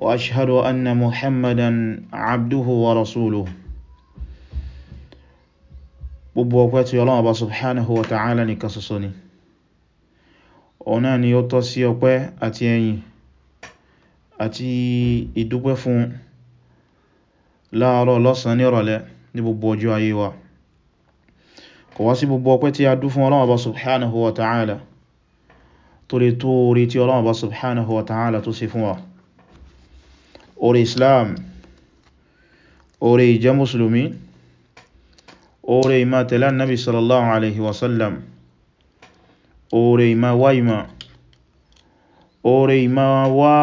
واشهد ان محمدا عبده ورسوله gbogbo ọpẹ́ tí Ọlọ́run Ọba subhanahu wa ta'ala ní kasoso ni ọ̀nà ni ó tọ́ sí ọpẹ́ àti ẹ̀yìn àti ìdúpẹ́ fún láàárọ̀ lọ́sàn ní ìrọ̀lẹ́ ní gbogbo ọjọ́ ayé wa kò wá sí gbogbo ọpẹ́ tí a dú fún Ọlọ́run Ọba subhanahu wa ta'ala tó lè tó orí tí Ọlọ́run Ọba subhanahu wa ta'ala tó ṣe fún wa oore islam oore ìjẹ́ musulmi oore ìmá tẹ̀lá nabi sallallahu alaihi wasallam oore ìmá wá ìmá oore ìmá wá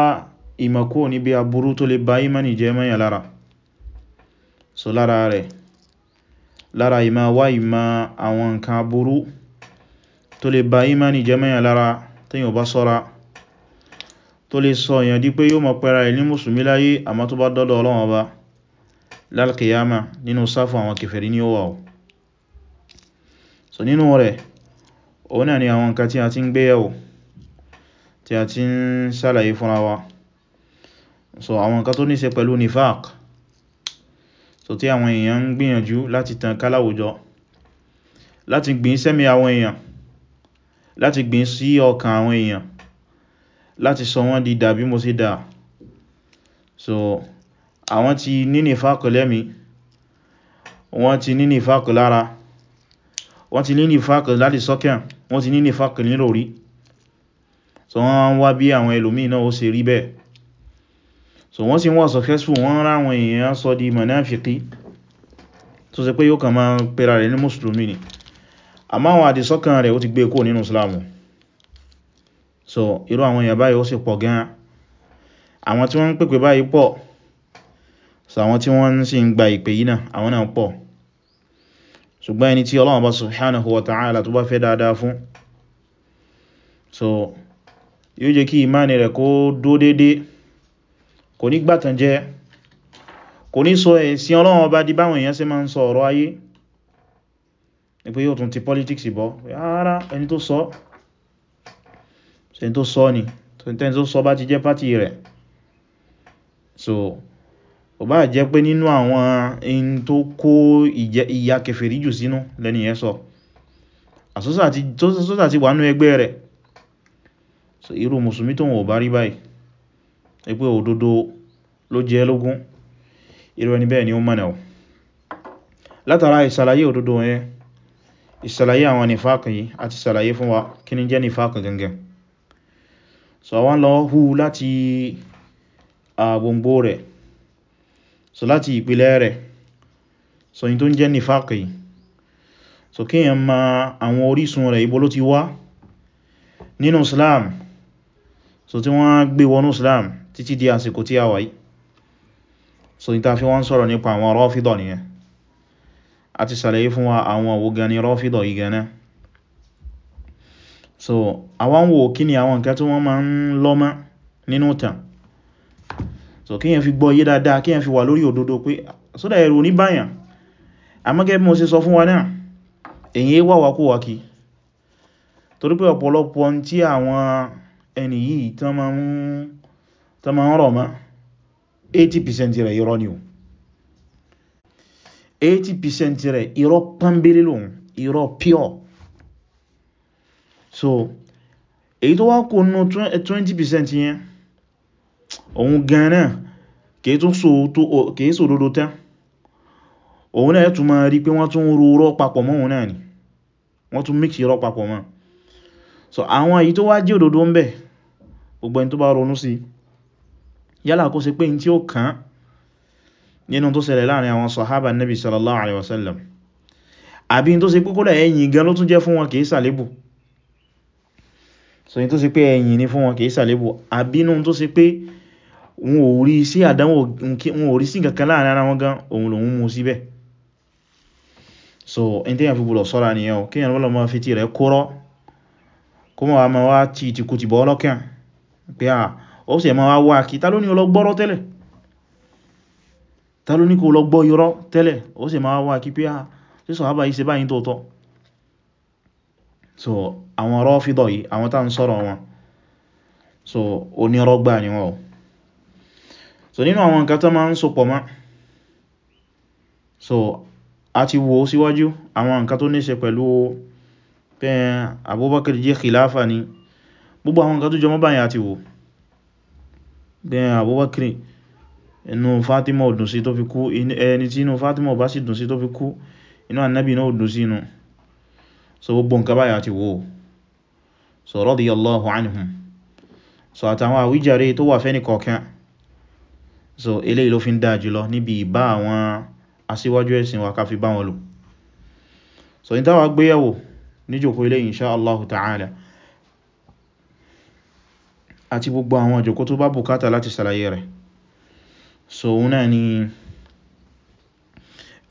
ìmá kó níbi aburú tó lè bá ìmánì jẹ́ mẹ́yà lára so lára rẹ̀ lára ìmá wá ìmá àwọn nǹkan aburú tó lè bá ìmánì jẹ́ mẹ́yà lára tí yíò bá ṣọ́ra tó lè sọ èyàn di pé yóò mọ̀ pẹ́ra ẹ̀ ní mùsùlùmí láyé àmọ́ tó bá dọ́dọ̀ Ọlọ́run Ọba lálkìyàmá nínú sáfù àwọn kèfèrí ní ó wà so nínú rẹ̀ òun náà ni àwọn nǹkan tí a ti ń gbé yẹ̀wò tí a ti ń ṣàlàyé fúnra wa so àwọn nǹkan tó ní ṣe pẹ̀lú nifaq so tí àwọn èèyàn ń gbìyànjú láti tàn káláwùjọ láti gbìn sí ọkàn àwọn èèyàn láti sọ wọ́n di dà bí mo ṣe dà so àwọn ti ní nífàkù lẹ́mí wọ́n ti ní nífàkù lára wọ́n ti ní nífàkù láti sọ́kàn wọ́n ti ní nífàkù nílò rí so wọ́n wá bí àwọn ẹlòmíì náà ó ṣe rí bẹ́ẹ̀ so wọ́n sì wọ́n successful wọ́n ráwọn èèyàn sọ di mọ̀náfíkí tó ṣe pé yóò kàn máa pera rẹ̀ ní mùsùlùmí ni àmáwọn àdìsọ́kàn rẹ̀ ó ti gbé e kó nínú islamu so irú àwọn èèyàn báyìí ó sì pọ̀ gan àwọn tí wọ́n ń pèpè báyìí pọ̀ so àwọn tí wọ́n sì ń gba ìpè yìí náà àwọn náà pọ̀ ṣùgbọ́n ẹni tí Ọlọ́run bá subhanahu wa ta'ala tó bá fẹ́ dáadáa fún so yóò jẹ́ kí ìmáni rẹ̀ kó dó dédé kò ní gbàtàn jẹ́ kò ní sọ ẹ̀sìn Ọlọ́run ọba di báwọn èèyàn ṣe máa ń sọ ọ̀rọ̀ ayé ní pé yóò tún ti politics bọ́ ara ẹni tó sọ so, ṣe tó sọ ní tẹ́ni tó sọ bá ti jẹ́ pátì rẹ̀ so ó bá jẹ́ pé nínú àwọn in tó kó ìyà kèfèrí jù sínú lẹ́ni yẹn sọ àsọ́sà ti wà ẹgbẹ́ rẹ̀ so irú mùsùlùmí tó wọ́n bá rí báyìí ẹgbẹ́ òdodo ló jẹ́ lógún irú ẹni bẹ́ẹ̀ ni ó mọ̀nà látara ìsàlàyé òdodo yẹn ìsàlàyé àwọn nìfàkì yìí àti ìsàlàyé fún wa kí ni jẹ́ nìfàkì gangan so wọ́n lọ hù láti gbòngbò rẹ̀ so láti ìpìlẹ̀ rẹ̀ so yí tó ń jẹ́ nífàkì so kíyàn ma àwọn orísun rẹ̀ ibo ló ti wá nínú Islam so tí wọ́n gbé wọnú Islam títí di àsìkò tí a wà yìí so ní ta fi wọ́n sọ̀rọ̀ nípa àwọn Rọ́fídọ̀ nìyẹn a ti sàlàyé fún wa àwọn òwògan ni Rọ́fídọ̀ yìí gẹ́nẹ́ so àwa ń wò kíni àwọn ǹkan tí wọ́n ma ń lọ́ nínú ìtàn so kíyàn fi gbọ́ yé dáadáa kíyàn fi wà lórí òdodo pé so that ẹ̀rù ní báyàn àmọ́ gẹ́gẹ́ bí mo ṣe sọ fún wa náà èyàn wà wákúwà kí torí pé ọ̀pọ̀lọpọ̀ tí àwọn ẹni yìí tán ma ń rọ̀ mọ́ 80% rẹ̀ irọ́ ni o 80% rẹ̀ irọ́ pọ́nbélé lòun irọ́ pure so èyí tó wá kó nú 20% yẹn òun gan náà kìí sọ òdodo tán òun náà tún máa rí pé wọ́n tún ro rọ́ papọ̀ mọ́ òun náà ni wọ́n tún mix rọ́ papọ̀ mọ́ so àwọn èyí tó wá jẹ́ òdodo ń bẹ gbogbo ẹni tó bá ronú sí yálà kó ṣe pé n tí ó kàn nínú tó ṣẹlẹ̀ láàrin àwọn sahaba nabi sallallahu alaihi wasallam àbí n tó ṣe pé kódà ẹ̀yìn gan ló tún jẹ́ fún wọn kìí sàlébù so in tó sì pé ẹ̀yìn ní fún wọn kìí sàlébù àbínú tó sì pé wọn ò rí sí àdánwò wọn ò rí sí kankan láàrin ara wọn gan òun lòun mú síbẹ̀ so in tẹ́yàn fi gbọ́dọ̀ sọ́ra nìyẹn o kíyàn lọ́lọ́ máa fi ti rẹ̀ kóró kó mọ̀ wá máa wá ti ìtìkú ti bọ́ ọlọ́kàn pé à ó sì máa wá wá kí ta ló ní ọlọ́gbọ́rọ́ tẹ́lẹ̀ ta ló ní kó lọ gbọ́ irọ́ tẹ́lẹ̀ ó sì máa wá kí pé à sísọ̀ àbáyí ṣe báyìí tóòtọ́ so àwọn Rāfidah yìí àwọn tá ń wọn so onírọ́ ni wọ́n so nínú àwọn nǹkan tó máa ń sopọ̀ mọ́ so a ti wo síwájú àwọn nǹkan tó níṣe pẹ̀lú pé Abubakar jẹ́ khilafa ni gbogbo àwọn nǹkan tó jọmọ́ báyìí a ti wo pé Abubakar inú Fatima ò dùn sí tó fi kú ẹni tí inú Fatima ò bá sì dùn sí tó fi kú inú Annabi náà ò sí inú so gbogbo nǹkan báyà ti wò so radiyallahu anhum so àtàwọn àwíjàre tó wà fẹ́ni kọ̀ọ̀kan so eléyìí ló fi ń dáa jùlọ níbi ìbá àwọn asíwájú ẹ̀sìn wa ká fi bá wọn lò so ní táwà gbéyẹ̀wò níjòkó eléyìí insha Allahu ta'ala àti gbogbo àwọn àjòkó tó bá bùkátà láti sàlàyé rẹ̀ so náà ni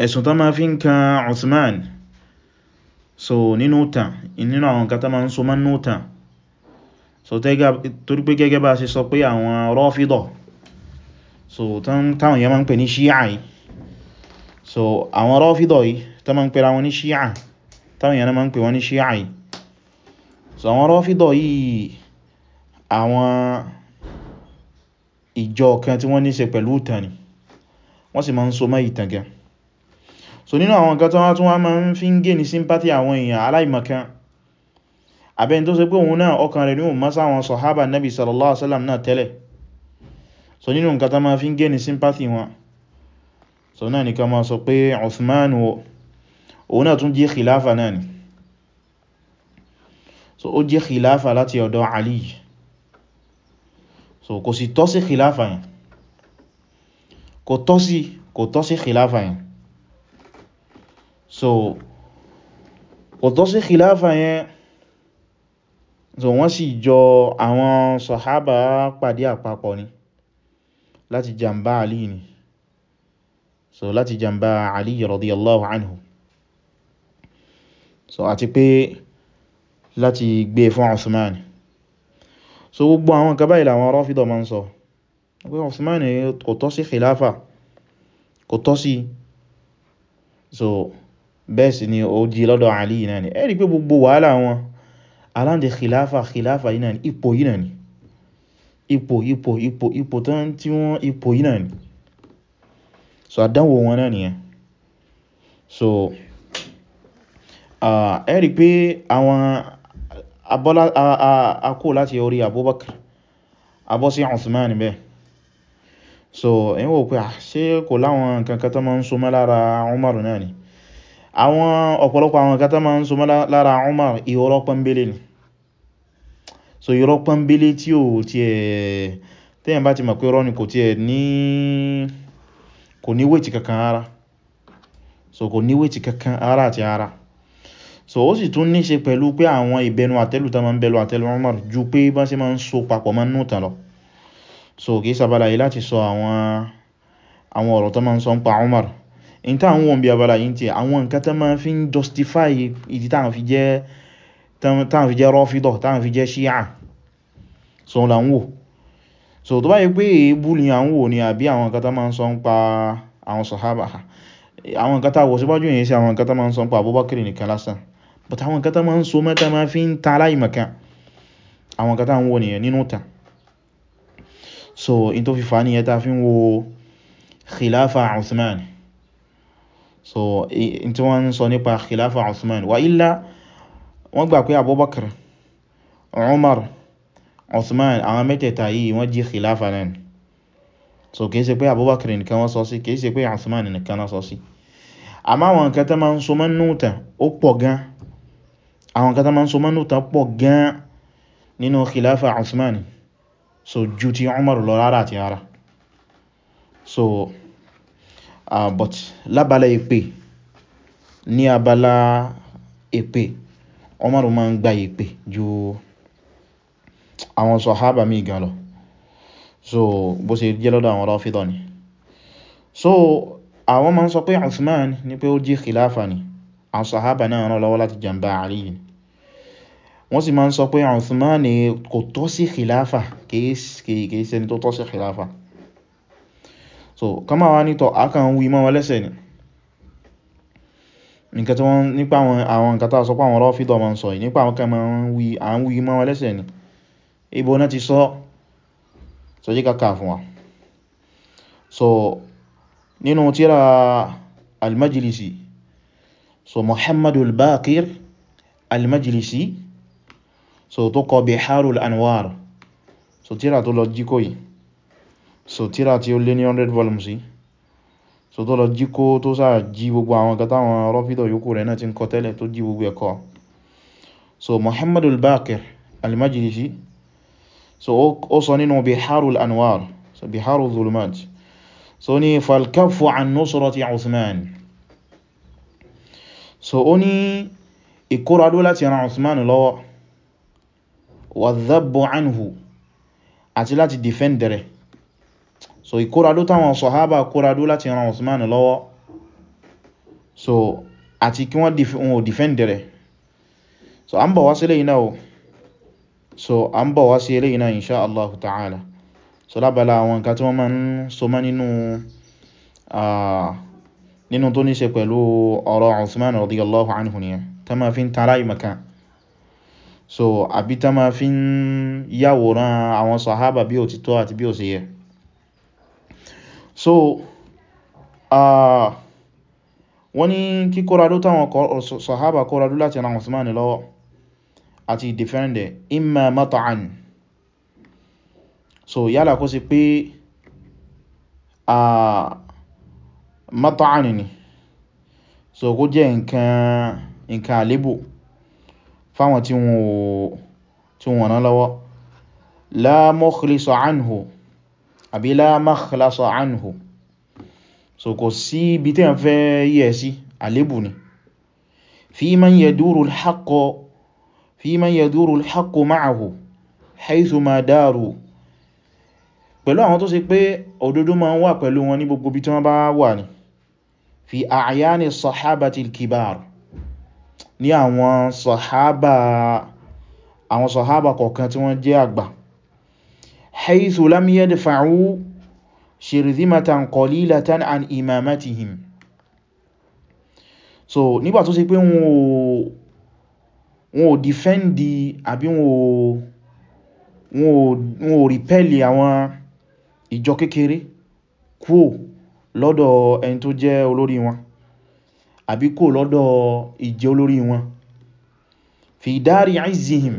ẹ̀sùn tó máa fi ń kan Uthman so nínú ìtàn nínú àwọn nǹkan tó ma ń so mọ́ nínú ìtàn so torí pé gẹ́gẹ́ bá ṣe sọ pé àwọn Rāfidah so táwọn yẹn ma ń pè ní Shia yìí so àwọn Rāfidah yìí tó ma ń pè ra wọn ní Shia táwọn yẹn ma ń pè wọn ní Shia yìí so àwọn Rāfidah yìí àwọn ìjọ kan tí wọ́n ní ṣe pẹ̀lú ìtàn ni wọ́n sì ma ń so mọ́ ìtàn gan so nínú àwọn nǹkan tó wá tún wá máa ń fi ń gé ní sympathy àwọn èèyàn aláìmọ̀kan abẹ́ni tó ṣe pé òun náà ọkàn rẹ̀ ní òun mọ́sá àwọn sọ̀hábà nabi sallallahu alaihi wasallam náà tẹ́lẹ̀ so nínú nǹkan tó máa fi ń gé ní Ali so kò sì tọ́ sí khilafa so ọ̀tọ̀ sí khilafa yẹn so wọ́n sì jọ àwọn sọ̀hábà pàdé àpapọ̀ ni láti jàmbá Àlì ni so láti jàmbá Àlì radiyallahu anhu so àti pé láti gbé e fún Uthman so gbogbo àwọn nǹkan báyìí làwọn Rāfidah máa ń sọ pé Uthman kò tọ́ sí khilafa kò tọ́ sí so bẹ́ẹ̀ sì ni ó jí lọ́dọ̀ Àlì náà ni ẹ̀rí pé gbogbo wàhálà wọn aláǹdẹ̀ khilafa khilafa yìí náà ni ipò yìí náà ni ipò ipò ipò ipò tán tí wọ́n ipò yìí ni so àdánwò wọn náà nìyẹn so ah, ẹ̀rí pé àwọn abọ́lá akó láti orí Abubakar abọ́ sí Uthman bẹ́ẹ̀ so ẹ̀yìn wò pé ah, ṣe kò láwọn kankan tó máa ń so mọ́ lára náà ni àwọn ọ̀pọ̀lọpọ̀ àwọn ǹkan tó ma ń so mọ́ lára Umar irọ́ pọ́nbélé ni so irọ́ pọ́nbélé tí ó ti ẹ̀ tẹ́yàn bá ti mọ̀ pé irọ́ ni kò ti ní kò kankan ara so kò ní wéètì kankan ara àti ara so ó sì tún ní ṣe pẹ̀lú pé àwọn ìbẹnu àtẹ́lù tó ma ń bẹnu àtẹ́lù Umar ju pé bá ṣe ma ń so papọ̀ mọ́ nù tàn lọ so kìí sàbàlàyé láti sọ àwọn àwọn ọ̀rọ̀ tó ma ń sọ ń pa Umar in ta wọn bí abala yìí tí àwọn nǹkan tán máa fi ń justify ìdí táwọn fi jẹ́ rọ́fídọ̀ táwọn fi jẹ́ ṣíà so la ń wò so tó bá yí pé èébú ni à ń wò ní àbí àwọn nǹkan tán máa ń sọ ń pa àwọn sàhábà àwọn nǹkan táwọ̀ síwájú yìí sí àwọn nǹkan tán máa ń sọ ń pa Abubakar nìkan lásán but àwọn nǹkan tán máa so mẹ́ta máa fi ń ta aláìmọ̀kan àwọn nǹkan táwọn wò nìyẹn nínú ta so in tó fi fà á nìyẹn ta fi wo khilafa Uthman so in tí wọ́n ń sọ nípa khilafa Uthman wa illa wọ́n gbà pé Abubakar Umar Uthman àwọn mẹ́tẹ̀ẹ̀ta yìí wọ́n jí khilafa náà so kìí ṣe pé Abubakar nìkan wọ́n sọ sí kìí ṣe pé Uthman nìkan wọ́n sọ sí àmọ́ àwọn nǹkan tó máa ń so mọ́ núùtàn ó pọ̀ gan àwọn so mọ́ núùtàn pọ̀ gan nínú khilafa Uthman so ju ti Umar lọ rárá àti rárá so ah but lábala èpè ní abala èpè Umaru ma ń gba èpè ju àwọn sọ̀hábà míì gan lọ so bó ṣe jẹ́ lọ́dọ̀ àwọn Rāfidah ni so àwọn ma ń sọ pé Uthman ní pé ó jí khilafa ni àwọn sọ̀hábà náà rán lọ́wọ́ láti jàmbá Ali wọ́n sì ma ń sọ pé Uthman kò tọ́ sí khilafa kìí ṣẹni tó tọ́ sí khilafa so kama to nítọ̀ akàn wí mọ́ wọn lẹ́sẹ̀ ni nǹkan tí wọ́n nípa àwọn nǹkan tàà sọ pé àwọn Rāfidah ma ń sọ nípa àwọn kan ma ń wí à ń wí mọ́ wọn lẹ́sẹ̀ ni ibo náà ti sọ so jí kàkà fún wa so nínú tírà al so Muhammadu al-Baqir al-Majlisi so tó kọ Biharul Anwar so tírà tó lọ jíkó yìí so tíra tí ó lé ní 100 volumes yìí so tó lọ jí kó tó sáà jí gbogbo àwọn ǹkan táwọn rọ́fídọ̀ yòókù rẹ̀ náà ti ń kọ tẹ́lẹ̀ tó jí gbogbo ẹ̀kọ́ so Muhammad al-Baqir al-Majlisi so ó sọ nínú Biharul Anwar so Biharul Zulumat so ní falkafu an nusrati Uthman so ó ní ìkóradó láti ran Uthman lọ́wọ́ wa dhabbu anhu àti láti defend rẹ̀ so ìkóradó táwọn sọ̀hábà kóradó láti ran Usman lọ́wọ́ so àti kí wọ́n ò defend rẹ̀ so an bọ̀ wá sí lẹ́yìn o so an bọ̀ wá sí lẹ́yìn náà insha Allah ta'ala so lábàlá àwọn nǹkan tí wọ́n máa ń so mọ́ nínú nínú tó ní ṣe pẹ̀lú ọ̀rọ̀ Usman radiyallahu anhu nìyẹn tá ma fi ń tara ìmọ̀kan so àbí tá ma fi ń yàwòrán àwọn sọ̀hábà bí ó ti tọ́ àti bí ó sì yẹ so wọ́n ní kí kóradó táwọn sọ̀hábà kóradó láti ran Usman lọ́wọ́ àti ìdífẹ́ndẹ̀ imma mata'an so yálà kó sí pé mata'an ni so kó jẹ́ nǹkan àlébò fáwọn tí wọ́n rán lọ́wọ́ la mukhliso anhu àbí la makhlasa anhu so kò sí ibi tí a fẹ́ yẹ̀ sí àlébù ni fi man yaduru al-haqqo fi man yaduru al-haqqo ma'ahu haythu ma daru pẹ̀lú àwọn tó ṣe pé òdodo ma ń wà pẹ̀lú wọn ní gbogbo bí tí wọ́n bá wà ní fi a'yani sahabati al-kibar ní àwọn sahaba àwọn tí wọ́n jẹ́ àgbà حيث لم يدفعوا شرذمة قليلة عن إمامتهم so nígbà tó ṣe pé wọn ò dìfẹ́ndì àbí wọn ò rìpẹ́lì àwọn ìjọ kékeré kúò lọ́dọ̀ ẹni tó jẹ́ olórí wọn àbí kúò lọ́dọ̀ ìjẹ́ olórí wọn fi dárí aizihim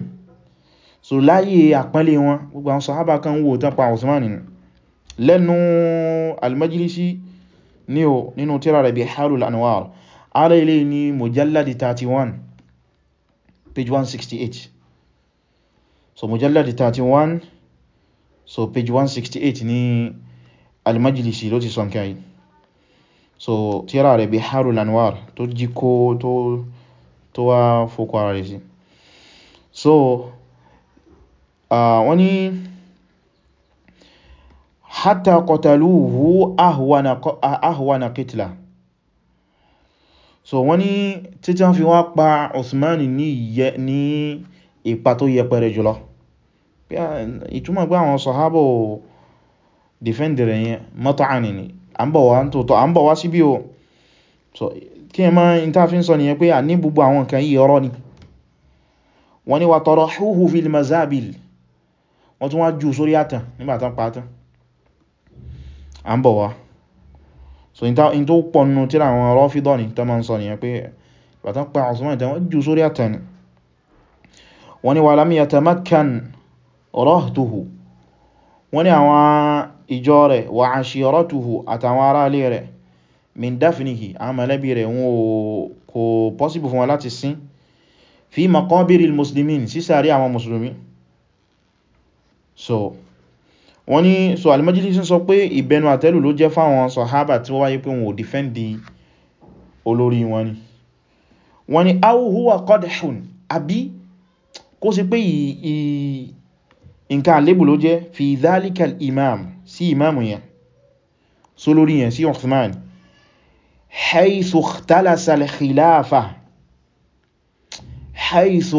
so láyé àpọ́nlé wọn gbogbo àwọn sàhábà kan wò tán pa Usman nínú lẹ́nu al-Majlisi ní o nínú tírà rẹ̀ Biharul Anwar ara ilé ní mujalladi 31 page 168 so mujalladi 31 so page 168 ní al-Majlisi ló ti sọ nǹkan yìí so tírà rẹ̀ Biharul Anwar tó jí kó tó wá fókọ ara rẹ̀ sí so Ah, wọ́n ni hatta qataluhu ahwana qitla so wọ́n ni títí fi wá pa Usman ní ipa tó yẹpẹrẹ jùlọ ìtumọ̀ pé àwọn sọ̀hábọ̀ dìfẹ́ndìrẹ̀ yẹn mọ́tàánì ni a ń bọ̀ wá sí bí o so kí ẹ máa ń tàfí sọ nìyẹn pé a ní gbogbo àwọn nǹkan yìí ọ̀rọ̀ ni wọ́n ni wà tarahuhu fil mazabil wọ́n tún wá jù sórí àtàn nígbàtán pàtán à ń bọ̀ wá so in tó pọ̀nù tí àwọn Rāfidah ni tó máa ń sọ nìyàn pé ìbàtán pa Usman ìtàn wọ́n jù sórí àtàn ni wọ́n ni walam yatamakkan rahtuhu wọ́n ni àwọn ìjọ rẹ̀ wa 'ashiratuhu so wọ́n ní so al-Majlisi sọ pé ìbẹnu àtẹ́lù ló jẹ́ fáwọn sọ̀hábà tí ó wáyé pé wọn ò dìfẹ́ndì olórí wọn ni wọ́n ní aw huwa qadhun àbí kó ṣe pé nǹkan àlébù ló jẹ́ fi dhalikal imam sí imam yẹn so lórí yẹn sí Uthman haythu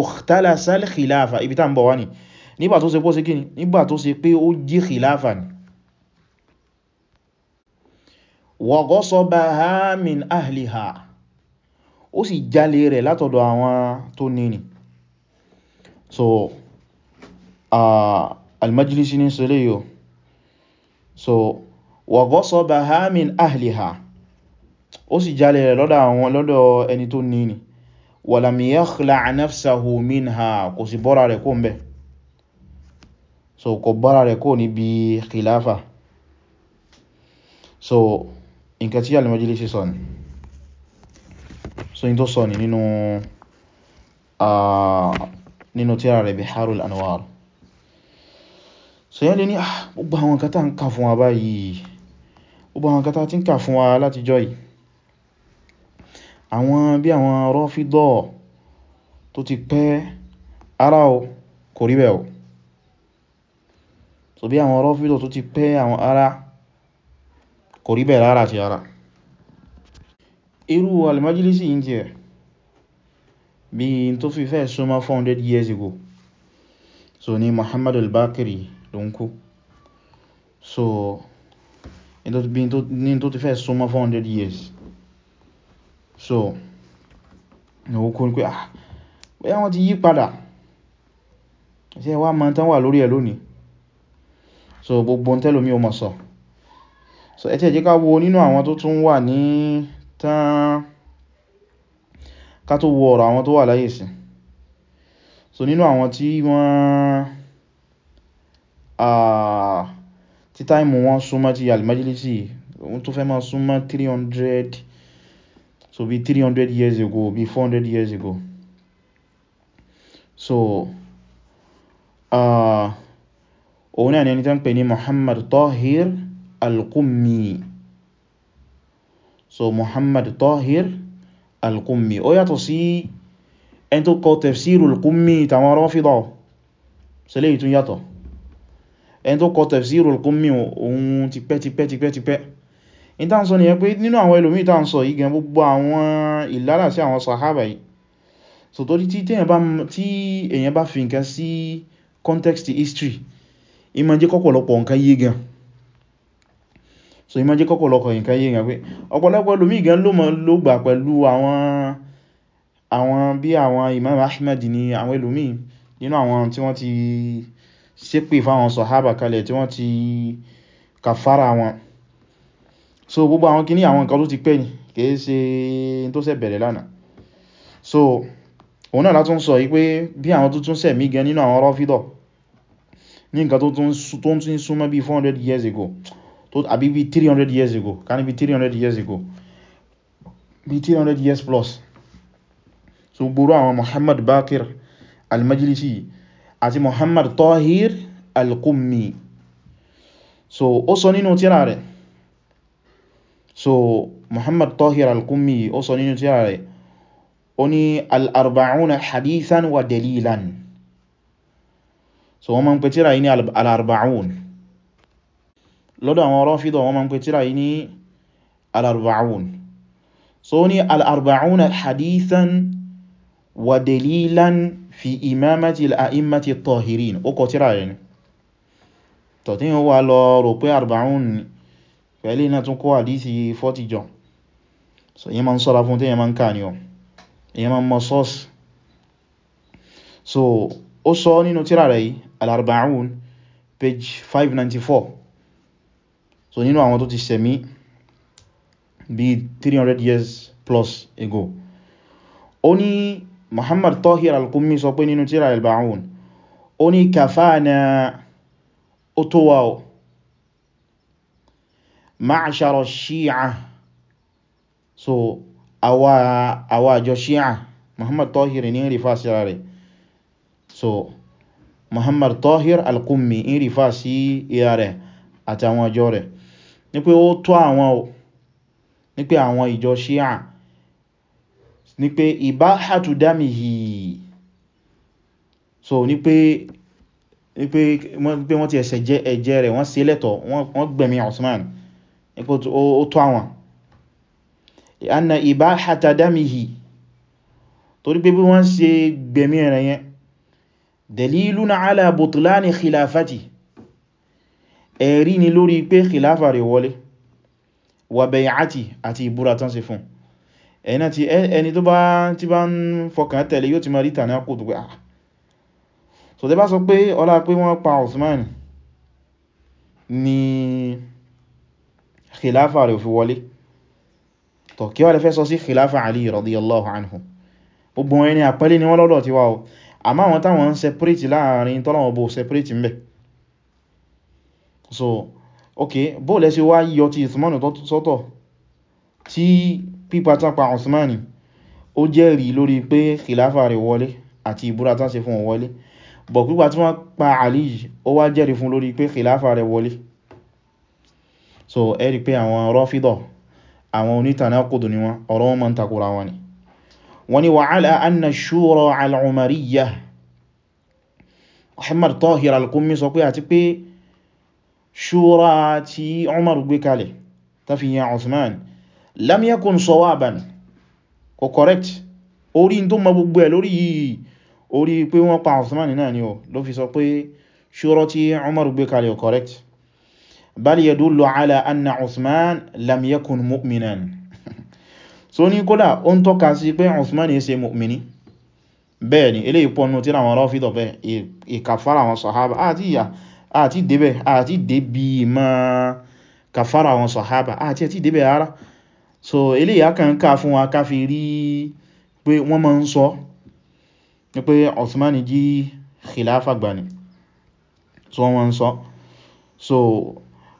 ikhtalasa al-khilafa ibi tá bọ̀ wá nígbà tó ṣe pọ́ sí kíni nígbà tó ṣe pé ó jí khilafa ni wa ghasabaha min ahliha ó sì jalè rẹ̀ látọ̀dọ̀ àwọn tó níni so al-Majlisi ní sílé yóò so wa ghasabaha min ahliha ó sì jalè rẹ̀ lọ́dọ̀ àwọn lọ́dọ̀ ẹni tó níni wa lam yakhla' nafsahu minha kò sì bọ́ra rẹ̀ kó ń bẹ́ẹ̀ so kò bára rẹ̀ kó níbi khilafa so nǹkan tí al-Majlisi sọ ni so in tó sọ ni nínú nínú tírà rẹ̀ Biharul Anwar so yẹ́ lè ní ah, gbogbo àwọn nǹkan tá ń kà fún wa báyìí gbogbo àwọn nǹkan tá ti ń kà fún wa láti jọ́ yìí àwọn bí àwọn Rafida tó ti pẹ́ ara o kò rí bẹ́ẹ̀ o so bí àwọn Rọ́fídọ̀ tó ti pẹ́ àwọn ará kò rí bẹ̀rẹ̀ ara ti ara irú alìmájílísì yìí ti ẹ̀ bí i tó fi fẹ́ súnmọ́ 400 years ago so ni Muhammad al-Bakiri ló ń kú so ní tó ti fẹ́ súnmọ́ 400 years so ní ó kún pé ah bóyá wọ́n ti yí padà ṣe wá mọ́ tán wà lórí ẹ̀ lónìí so gbogbo ń tẹ́lòmí o mọ̀ sọ so ẹ tiẹ̀ jẹ́ ká wo nínú àwọn tó tún wà ní tán ká tó wo ọ̀rọ̀ àwọn tó wà láyé sí so nínú àwọn tí wọ́n tí táìmù wọn súnmọ́ ti al-Majlisi wọ́n tó fẹ́ máa súnmọ́ 300 so bí 300 years ago bí 400 years ago so ah uh, òun náà ni ẹni tó ń pè ní Muhammad Tahir al-Qummi so Muhammad Tahir al-Qummi ó yàtọ̀ sí ẹni tó kọ tafsirul Qummi tàwọn Rafida so léyìí tún yàtọ̀ ẹni tó kọ tafsirul Qummi òun tipẹ́tipẹ́tipẹ́ in ta n sọ ni ẹ pé nínú àwọn ẹlòmí ta n sọ yìí gan gbogbo àwọn ìlàlà sí àwọn sahaba yìí so torí tí èyàn bá fi nǹkan sí context history ìmọ̀ jẹ́ kọ́pọ̀lọpọ̀ nǹkan yé gan so ìmọ̀ jẹ́ kọ́pọ̀lọpọ̀ nǹkan yé gan pé ọ̀pọ̀lọpọ̀ ẹlòmíì gan ló mọ̀ ló gbà pẹ̀lú àwọn àwọn bí àwọn Imam Ahmad ni àwọn ẹlòmíì nínú àwọn tí wọ́n ti ṣépè fáwọn sọ̀hábà kalẹ̀ tí wọ́n ti kàfàrà wọn so gbogbo àwọn kìíní àwọn nǹkan tó ti pẹ́ ní kìí ṣe tó ṣẹ̀ bẹ̀rẹ̀ lánàá so òun náà látún sọ yí pé bí àwọn tó tún ṣẹ̀mí gan nínú àwọn rọ́fídọ̀ ní nǹkan tó tún súnmọ́ bí 400 years ago tó àbí bí 300 years ago ká ní bí 300 years ago bí 300 years plus so gbogbo àwọn Muhammad Bakir al-Majlisi àti Muhammad Tahir al-Qummi so ó sọ nínú tírà rẹ̀ so Muhammad Tahir al-Qummi ó sọ nínú tírà rẹ̀ ó ní hadithan wa dalilan so wọ́n ma ń pè tírà yìí ní al-arba'un lọ́dọ̀ àwọn Rāfidah wọ́n ma ń pè tírà yìí ní al-arba'un so ní al-arba'un hadithan wa dalilan fi imamati al-a'immati at-tahirin ó kọ tírà yìí tọ̀ tí ó wà lọ rò pé arba'un pẹ̀lú iná tún kó hadisi 40 jọ so yí ma ń sọ́ra fún tí yí ma ń kà ní ọ yí ma ń mọ́ sọ́ọ̀sì so ó sọ nínú tírà rẹ̀ yìí al-arba'un page 594 so nínú àwọn tó ti ṣẹ̀mí bí 300 years plus ago ó ní Muhammad Tahir al-Qummi sọ pé nínú tírà al-arba'un ó ní kafana ó tó wà shi'a so àwa àjọ shi'a Muhammad Tahir ní rí fásirà rẹ̀ so muhammad tahir al-qummi in rí fà sí ìyá rẹ̀ àtàwọn ìjọ rẹ̀ ní pé ó tó àwọn o ní àwọn ìjọ ṣíà ní pé ìbáhàtù dámihì so ní pé wọ́n ti ẹ̀sẹ̀ jẹ́ ẹ̀jẹ́ rẹ̀ wọ́n ṣe lẹ́tọ̀ wọ́n gbẹ̀mí osman ní pé ó tó àwọn anna ìbáhàtà dámihì torí bí wọ́n ṣe gbẹ̀mí rẹ̀ dalilun ala butlani khilafati ẹ̀rí ni lórí pé khilafa rẹ̀ wọlé wà bay'ati àti ìbúra tán ṣe fún ẹ̀nà tí ẹni tó bá ti bá ń fọkàn tẹ̀lé yóò ti máa ríta ní àkótò pé ah so tẹ́ bá sọ pé ọlá pé wọ́n pa Uthman ni khilafa rẹ̀ fi wọlé tọ̀ kí wà lẹ́fẹ́ sọ sí khilafa Ali radiyallahu anhu gbogbo ẹni àpẹẹlẹ́ ni wọ́n lọ́dọ̀ ti wá o àmọ́ àwọn táwọn ń separate láàrin tọ́lọ̀wọ̀ bó separate ń bẹ̀ so ok bó lẹ́sí wá yíyọ ti Uthman sọ́tọ̀ tí pípatapa Uthman ó jẹ́rìí lórí pé khilafa rẹ̀ wọlé àti ìbúra tán ṣe fún wọn wọlé bọ̀ pípa tí wọ́n pa Ali ó wá jẹ́rìí fún lórí pé khilafa rẹ̀ wọlé so ẹ rí pé àwọn ni wọn ọ̀rọ̀ wọn ma wọ́n ni وعلى أن الشورى العمرية Ahmad Tahir al-Qummi sọ pé àti pé ṣúra tí Umar gbé kalẹ̀ tafiyan Uthman lam yakun sawaban kò correct orí tó ma gbogbo ẹ̀ lórí yìí orí pé wọ́n pa Uthman náà ni o ló fi sọ pé ṣúra tí Umar gbé kalẹ̀ correct bal yadullu ala anna Uthman lam yakun mu'minan so ní kódà ó ń tọ́ka sí pé Uthman ṣe mu'mini bẹ́ẹ̀ ni eléyìí pọnú tí àwọn Rāfidah bẹ́ ìkàfàrà àwọn sàhábà àti débẹ̀ àti débi ma kàfàrà àwọn sàhábà àti àti débẹ̀ ara so eléyìí a kàn ká fún wa ká fi rí pé wọ́n ma ń sọ pé Uthman jí khilafa gbani so wọ́n ma ń sọ so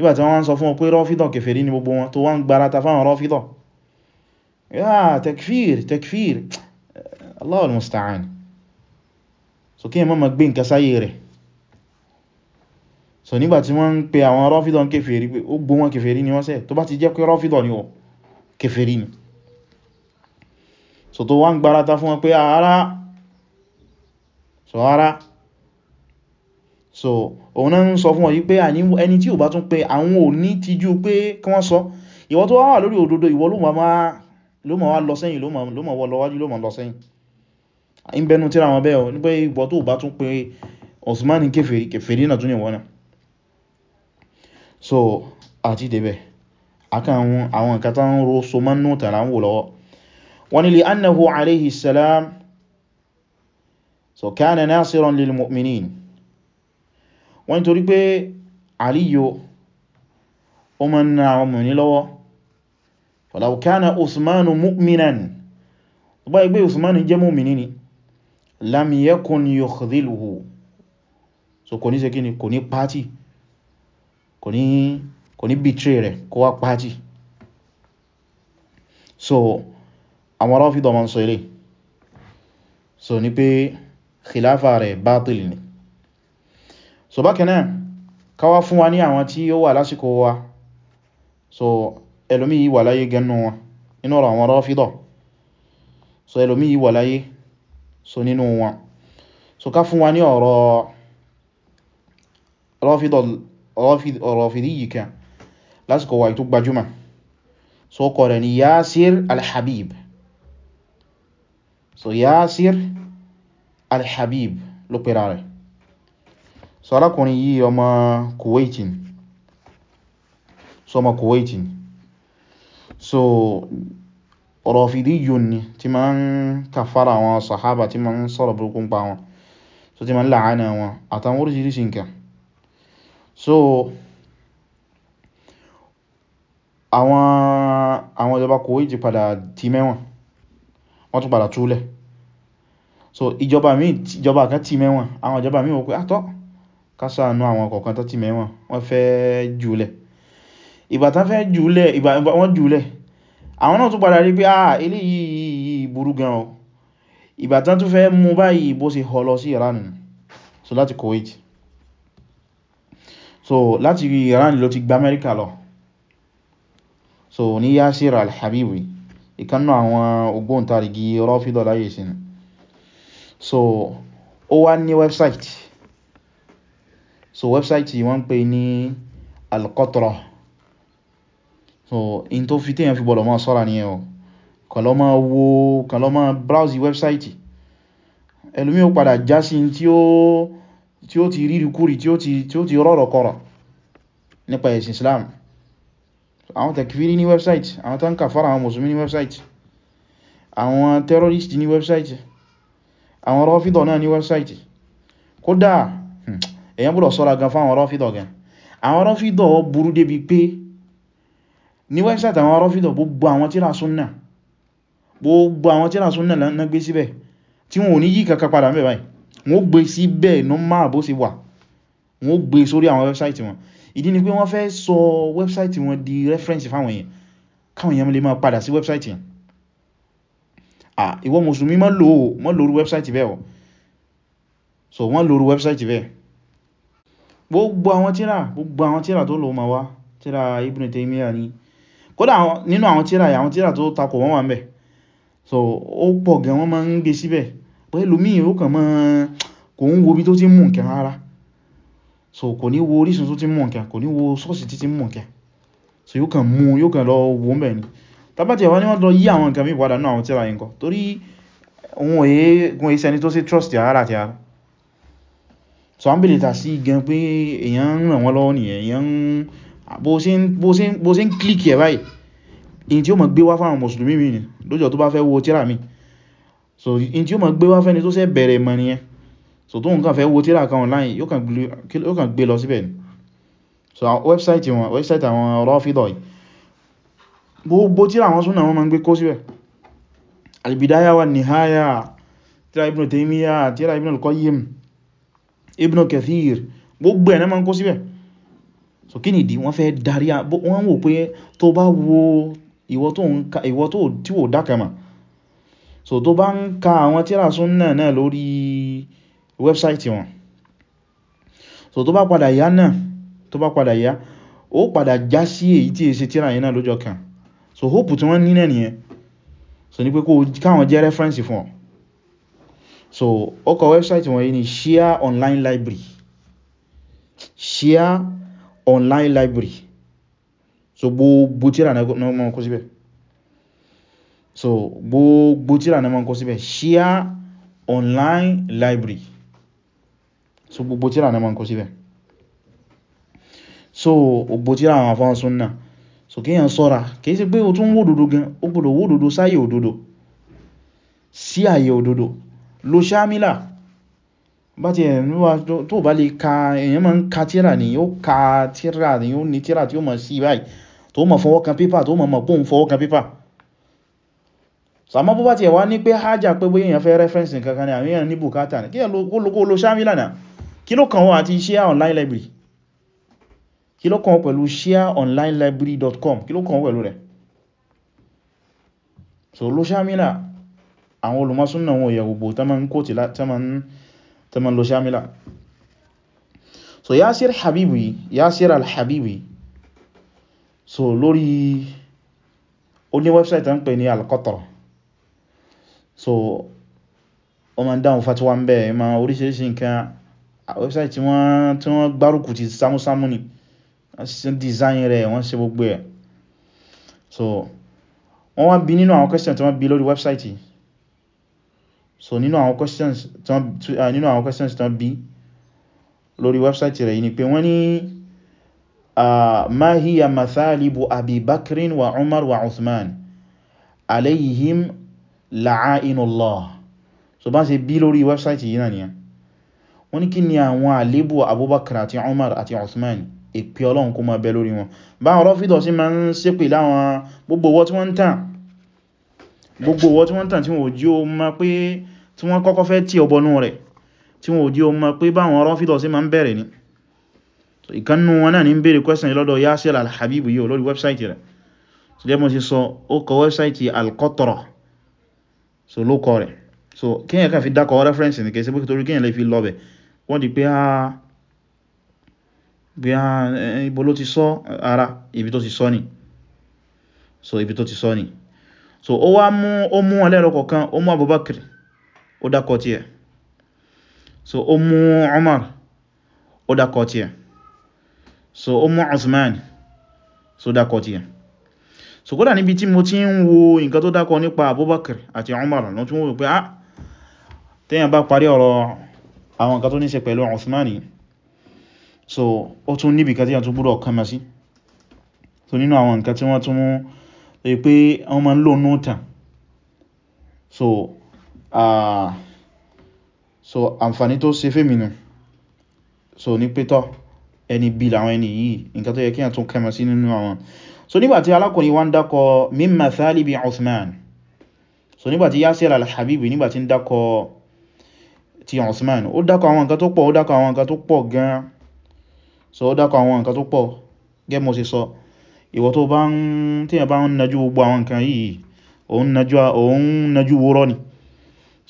nígbàtí wọ́n sọ fún ọ pé rọ́fídọ̀ kèfèrí ní gbogbo wọn tó wọ́n gbárata fáwọn rọ́fídọ̀ yáà tekfir tekfir Allahul musta'an so kí ẹmọ́ ma gbé nǹkan sáyé rẹ̀ so nígbàtí wọ́n ń pe àwọn rọ́fídọ̀ kèfèrí pé ó gbó wọn so òun náà ń sọ fún ọ̀yí pé ẹni tí ò bá tún pé àwọn ò ní tijú pé kí wọ́n sọ ìwọ tó wà lórí òdodo ìwọ ló ma wá lọ sẹ́yìn ló ma wọ́ lọ́wájú ló ma lọ sẹ́yìn in bẹnu tíra wọn bẹ́ẹ̀ ní pé tó bá tún pé Osman kèfèrí náà tún ìwọ́n so àti débẹ̀ akan àwọn nǹkan tán ro so mọ́ nù tàrà ń wò lọ́wọ́ wọ́n ni so kana nasiran lil mu'minin wọ́n nítorí pé Aliyu ó ma ń na àwọn mùmínì lọ́wọ́ falaw kana Usmanu mu'minan tó bá yí pé Usmanu jẹ́ mùmínì ni lam yakun so kò ní ṣe kí ni kò ní pàtí kò ní bìtírẹ̀ rẹ̀ kó wá pàtí so àwọn Rāfidah ma ń sọ ilé so ní pé khilafa rẹ̀ bátil ni so bákanáà ká wá fún wa ní àwọn tí ó wà lásìkò wa so ẹlòmí yìí wà láyé gẹnu wọn nínú ọ̀rọ̀ àwọn Rāfidah so ẹlòmí yìí wà láyé so nínú wọn so ká fún wa ní ọ̀rọ̀ Rāfidah yìí kan lásìkò wa tó gbajúmọ̀ so kọ̀ rẹ̀ ni Yasir al so Yasir al ló pẹ̀rẹ̀ rẹ̀ so alákùnrin yìí ọmọ kuwaiti ni so ọmọ kuwaiti ni so rọ̀fìdíyùn ni tí ma ń kàfàrà àwọn sàhábà tí ma ń sọ̀rọ̀ burúkú pa wọn so tí ma ń làánà wọn àtàwọn oríṣiríṣi nǹkan so àwọn àwọn ìjọba kuwaiti padà ti mẹ́wọ̀n wọ́n tún padà túlẹ̀ so ìjọba mi ìjọba kan ti mẹ́wọ̀n àwọn ìjọba mi wò pé àtọ́ ah, káṣàánú àwọn kọ̀ọ̀kan tó ti mẹ́wọ̀n wọ́n fẹ́ jùlẹ̀ ìbàtán fẹ́ jùlẹ̀ wọ́n jùlẹ̀ àwọn náà tún padà rí pé ah eléyìí burú gan o ìbàtán tún fẹ́ mú báyìí bó ṣe họlọ sí Iran so láti Kuwait so láti Iran ló ti gba Amẹ́ríkà lọ so ní Yasir al-Habibi ìkannú àwọn ògbóǹtarìgì Rọ́fídọ̀ láyé sínú so ó wá ní website so website wọ́n ń pè ní alqatra so in tó fi téèyàn fi gbọ́dọ̀ máa ṣọ́ra nìyẹn o kàn lọ máa wo kàn lọ browse website ẹlòmí ó padà já sí tí ó ti rírí kúrì tí ó ti rọ̀rọ̀ kọ̀rọ̀ nípa ẹ̀sìn Islam àwọn tẹ̀kìfìrí ní website àwọn tán kàfàrà àwọn mùsùlùmí ní website àwọn terrorist ní website àwọn rọ́fídọ̀ náà ní website kódà èyàn búrọ̀ sọ́ra gan fáwọn rọ́fídọ̀ gan àwọn rọ́fídọ̀ burú débi pé ní website àwọn rọ́fídọ̀ gbogbo àwọn tíra súnnà gbogbo àwọn tíra súnnà lọ́nà gbé síbẹ̀ tí wọn ò ní yí kankan padà mẹ́bàá wọ́n gbé síbẹ̀ ní máa bó sì wà wọ́n gbé sórí àwọn website wọn ìdí ni pé wọ́n fẹ́ sọ website wọn di reference fáwọn èèyàn káwọn èèyàn lè máa padà sí website yẹn ah ìwọ mùsùlùmí mọ́ lòrú website bẹ́ẹ̀ so wọ́n lòrú website bẹ́ẹ̀ gbogbo àwọn tíra gbogbo àwọn tíra tó lò ma wá tíra Ibn Taymiyyah ni kódà nínú àwọn tíra yà àwọn tíra tó takò wọ́n wà ń bẹ̀ so ó pọ̀ gan wọ́n ma ń gé síbẹ̀ pẹ̀lú mí ó kàn mọ́ kò ń wo bí tó ti mú nǹkan rárá so kò ní wo orísun tó ti mú nǹkan kò ní wo sọ́ọ̀sì tí ti mú nǹkan so yóò kàn mú yóò kàn lọ wo mẹ́ ni tàbátì ẹ̀wà ní wọ́n lọ yí àwọn nǹkan mí padà náà àwọn tíra yìí nǹkan torí ohun èé sẹni tó sí trust yàrá àti yàrá so a ń bèèrè tà hmm. sí gan pé èyàn ń ràn wọ́n lọ́wọ́ nìyẹn èyàn ń bó ṣe ń klíkì ẹ̀ báyìí in tí ó mọ̀ gbé wá fáwọn mùsùlùmí mi ni lójọ́ tó bá fẹ́ wo tíra mi so in tí ó mọ̀ gbé wá fẹ́ni tó ṣe bẹ̀rẹ̀ mọ̀ nìyẹn so tó nǹkan fẹ́ wo tíra kan online yóò kàn gbé lọ síbẹ̀ ni so wẹ́bsáìtì wọn wẹ́bsáìtì àwọn Rafida yìí Ibn Kathir gbogbo ẹ̀ náà ma ń kó síbẹ̀ so kí nìdí wọ́n fẹ́ darí wọ́n wò pé tó bá wo ìwọ tó tí wò dákàmà so tó bá ń ka àwọn tírà súnnà náà lórí wẹ́bsáìtì wọn so tó bá padà yá náà tó bá padà yá ó padà já sí èyí tí èsì e tírà yẹn náà lọ́jọ́ kan so hope tí wọ́n ní náà nìyẹn so ní pé káwọn jẹ́ rẹ́fẹ́rẹ́nsì fún ọ so ọkọ̀ website wọ̀nyí ni share Online Library Share Online Library so gbogbo tíra na mọ́ kó síbẹ̀ so gbogbo tíra na mọ́ kó síbẹ̀ Share Online Library so gbogbo tíra na mọ́ kó síbẹ̀ so gbogbo tíra àwọn afọ́n súnnà so kíyàn sọ́ra kìí sí pé o tún wódòdó gan ó gbọ́dọ̀ wódòdó sáyé òdòdó sí àyè òdòdó lo ṣámílà bá ti ẹ̀rìn wá tó bá lè ka èyàn ma ń ka tíra ni yóò ka tíra ni yóò ní tíra tí ó ma sí báyìí tó ma fọwọ́ kan pépà tó ma mọ̀ pún fọwọ́ kan pépà sàmọ́ bó bá ti ẹ̀wá ní pé hajjá pé bóyí èyàn fẹ́ rẹ́fẹ́nsì kankan ni àmì èyàn ní bùkátà ní kí lo ṣámílà náà kí ló kàn wọ́n àti share online library kí ló kàn pẹ̀lú shareonlinelibrary.com kí ló kàn pẹ̀lú rẹ̀ so lo ṣámílà àwọn olùmọ̀ súnnà wọn òyẹ̀ gbogbo tán ma ń kòtì tán ma ń lo ṣámílà so Yasir Habibi Yasir al-Habibi so lórí ó ní website tán pè ní al-Qatar so ó ma ń dáhùn fatiwa ń bẹ́ ma oríṣiríṣi nǹkan website tí wọ́n tí wọ́n gbárùkù ti sámúsámú ni design rẹ̀ wọ́n ṣe gbogbo ẹ̀ so wọ́n wá bí nínú àwọn question tí wọ́n bí lórí website so nínú àwọn questions ah, nínú àwọn questions tán bí lórí website rẹ̀ yìí ni pé wọ́n ní ah, ma hiya mathalibu abi bakrin wa umar wa uthman alayhim la'ainullah so bá ṣe bí lórí website yìí náà nìyàn wọ́n ní kí ni àwọn àlébù abubakar àti umar àti uthman ìpé ọlọ́run kó máa bẹ lórí wọn bá ọ̀rọ̀ fídọ̀ sí máa ń ṣépè láwọn gbogbo owó tí wọ́n tàn tí wọ́n jí o máa pé tí wọ́n kọ́kọ́ fẹ́ tí ọbọnú rẹ̀ tí wọ́n ò jí o mọ̀ pé báwọn Rāfidah sí ma ń bẹ̀rẹ̀ ni ìkannú wọn náà ní ń bèèrè question lọ́dọ̀ Yasir al-Habib yíò lórí wẹ́bsáìtì rẹ̀ so jẹ́ mo sì sọ ó kọ wẹ́bsáìtì al-Qatra so ló kọ rẹ̀ so kíyàn kan fi dákọ̀ reference ara ibi tó ti sọ ni so ibi tó ti sọ ni so ó wá mú ọlẹ́rọ kọ̀kan ó mú Abubakar ó dákọ̀ tí ẹ̀ so ó mú Umar ó dákọ̀ tí ẹ̀ so ó mú Usman so dákọ̀ tí ẹ̀ so kódà níbi tí mo ti ń wo nǹkan tó dákọ̀ nípa Abubakar àti Umar lọ tún wò pé ah tẹ́yàn bá parí ọ̀rọ̀ àwọn nǹkan tó ní ṣe pẹ̀lú so ó tún níbi kan tí a tún gbúrọ̀ kama sí so nínú àwọn nǹkan tí wọ́n tún mú pé wọ́n ma ń lò nóòtà so ah so àǹfàní tó ṣe fẹ́ mìnú so ní pétọ́ ẹni bí làwọn ẹni yìí nǹkan tó yẹ kí àtún kẹmọ sí nínú àwọn so nígbàtí alákùnrin wá ń dákọ mímọ̀ thalibi Uthman so nígbàtí Yasir al-Habibi nígbàtí ń dákọ ti Uthman ó dákọ àwọn nǹkan tó pọ̀ ó dákọ àwọn nǹkan tó pọ̀ gan so ó dákọ àwọn nǹkan tó pọ̀ gẹ́ mo ṣe sọ ìwọ tó bá ń tíyàn bá ń najú gbogbo àwọn nǹkan yìí òun najú wúrọ́ ni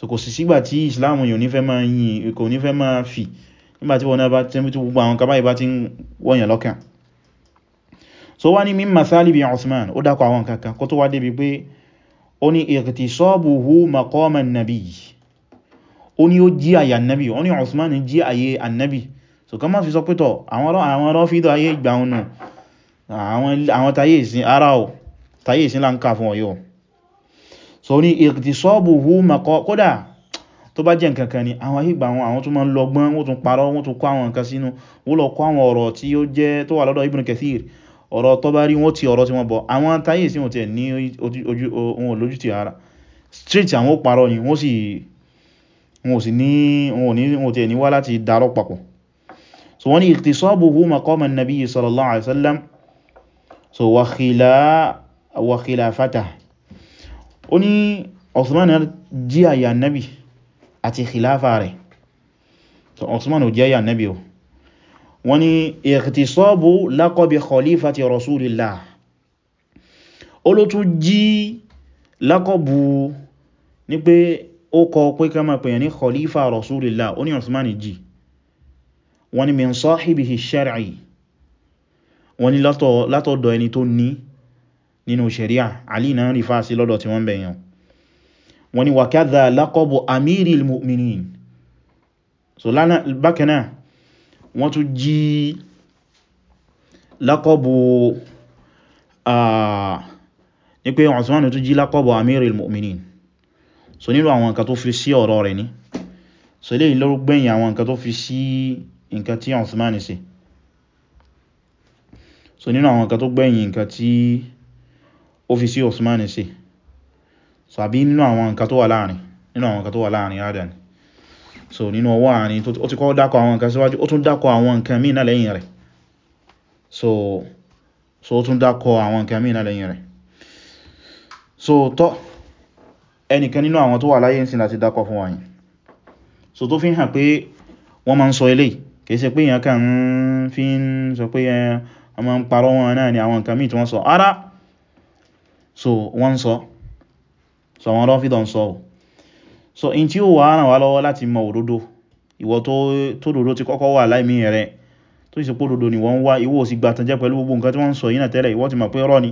so kò sì sígbà tí Islam yìí onífẹ́ máa yìn kò nífẹ́ máa fi nígbàtí wọ́n náà bá tí gbogbo àwọn kaba ìbá tí ń wọ́nyàn lọ́kàn so wá ní mímọ̀ sáàlìbì Uthman ó dákọ̀ àwọn kankan kó tó wá débi pé ó ní iqtisabuhu maqaman nabi ó ní ó jí nabi ó ní Uthman jí àyè annabi so kan máa fi sọ pẹ́tọ̀ àwọn rọ́fídọ̀ ayé ìgbà so ní iqtisabuhu maqo kódà tó bá jẹ́ nǹkankan ni àwọn ìgbà àwọn àwọn tó máa ń lọ́gbọ́n wọ́n tún parọ́ wọ́n tún kó àwọn nǹkan sínú wọ́n lọ kó àwọn ọ̀rọ̀ tí ó jẹ́ tó wà lọ́dọ̀ Ibn Kathir ọ̀rọ̀ tó bá rí wọ́n ti ọ̀rọ̀ tí wọ́n bọ̀ àwọn táyé sí wọ́n tẹ̀ ní ohun lójú ti ara street àwọn parọ́ ni wọ́n sì wọ́n sì ní wọ́n tẹ̀ ní wá láti darọ́ papọ̀ so wọ́n ní iqtisabuhu maqama an-nabiy sallallahu alaihi wasallam so wa khilafatihi ó ní osman jí àyà nẹ́bì àti khilafa rẹ̀ so osman ò jẹ́ àyà nẹ́bì o wọ́n ní ikhtisabu laqabi khalifati rasulillah ó ló tún jí lákọ̀bù ní pé ó kọ pé ká máa pèyàn ní khalifa rasulillah ó ní osman jí wọ́n ní min nínú sharia Ali náà rí fásí lọ́dọ̀ tí wọ́n bẹ̀yàn wọ́n ni wàkádà lákọ́bù amiril mu'minin so bákaná wọ́n tún jí lákọ́bù ní pé Usman tún jí lákọ́bù amiril mu'minin so nínú àwọn nǹkan tó fi sí ọ̀rọ̀ rẹ̀ ni so ilé ìlọ́rùgbẹ̀yìn àwọn nǹkan tó fi sí nǹkan tí Usman ṣe so nínú àwọn nǹkan tó gbẹ̀yìn nǹkan tí ó fi sí osman sí so àbí nínú àwọn nǹkan tó wà láàrin nínú àwọn nǹkan tó wà láàrin adam so nínú ọwọ́ àárín ó ti kọ́ dákọ̀ àwọn nǹkan síwájú ó tún dákọ̀ àwọn nǹkan míì náà lẹ́yìn rẹ̀ so so ó tún dákọ̀ àwọn nǹkan míì náà lẹ́yìn rẹ̀ so tọ́ ẹnìkan nínú àwọn tó wà láyé ìsìn láti dákọ̀ fún wa yìí so tó fi hàn pé wọ́n máa ń sọ eléyìí kìí ṣe pé èèyàn kàn fi ń sọ pé ẹ ọmọ ń parọ́ wọn náà ni àwọn nǹkan míì tí wọ́n sọ ara so wọ́n sọ so àwọn rọ́fídọ̀ ń sọ so in tí ó wà ràn wá lọ́wọ́ láti mọ òdodo ìwọ tó dodo ti kọ́kọ́ wà láìmí rẹ̀ tó sì pó dodo ni wọ́n wá ìwọ sì gba tànjẹ́ pẹ̀lú gbogbo nǹkan tí wọ́n sọ yínà tẹ́lẹ̀ ìwọ ti mọ̀ pé rọ́ ni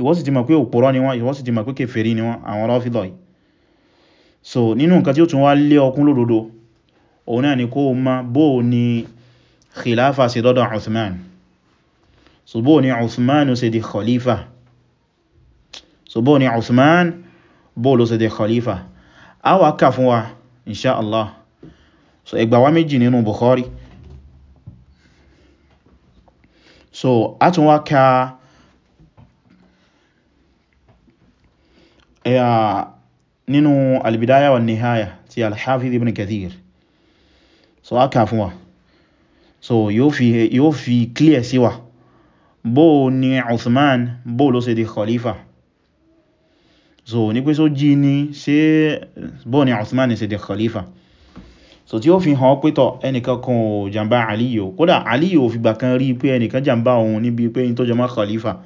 ìwọ sì ti mọ̀ pé òpòrọ́ ni wọ́n ìwọ sì ti mọ̀ pé kèfèrí ni wọ́n àwọn rọ́fídọ̀ so nínú nǹkan tí ó tún wá lé ọkún lódodo òun náà ni kó ma bó khilafa sí dọ́dọ̀ Uthman so bó ni Uthman ṣe di so bó ní Usman bó ló ṣe dé khalifa a wà ká fún wa insha Allah so ẹgbà wá méjì nínú Bukhari so a tún wá ká ẹ̀yà albidaya wa nihaya ti al-Hafidh ibn Kathir so a ká fún wa so yóò fi fi clear siwa wa bó ní Uthman bó ló ṣe di khalifa so ní pé só jí ní ṣe bọ́ ni Uthman ṣe di khalifa so tí ó fi hàn pé tọ́ ẹnìkan kan ò jàmbá Aliyu kódà Aliyu ò fìgbà kan rí pé ẹnìkan jàmbá òun níbi pé in tó jẹ mọ́ khalifa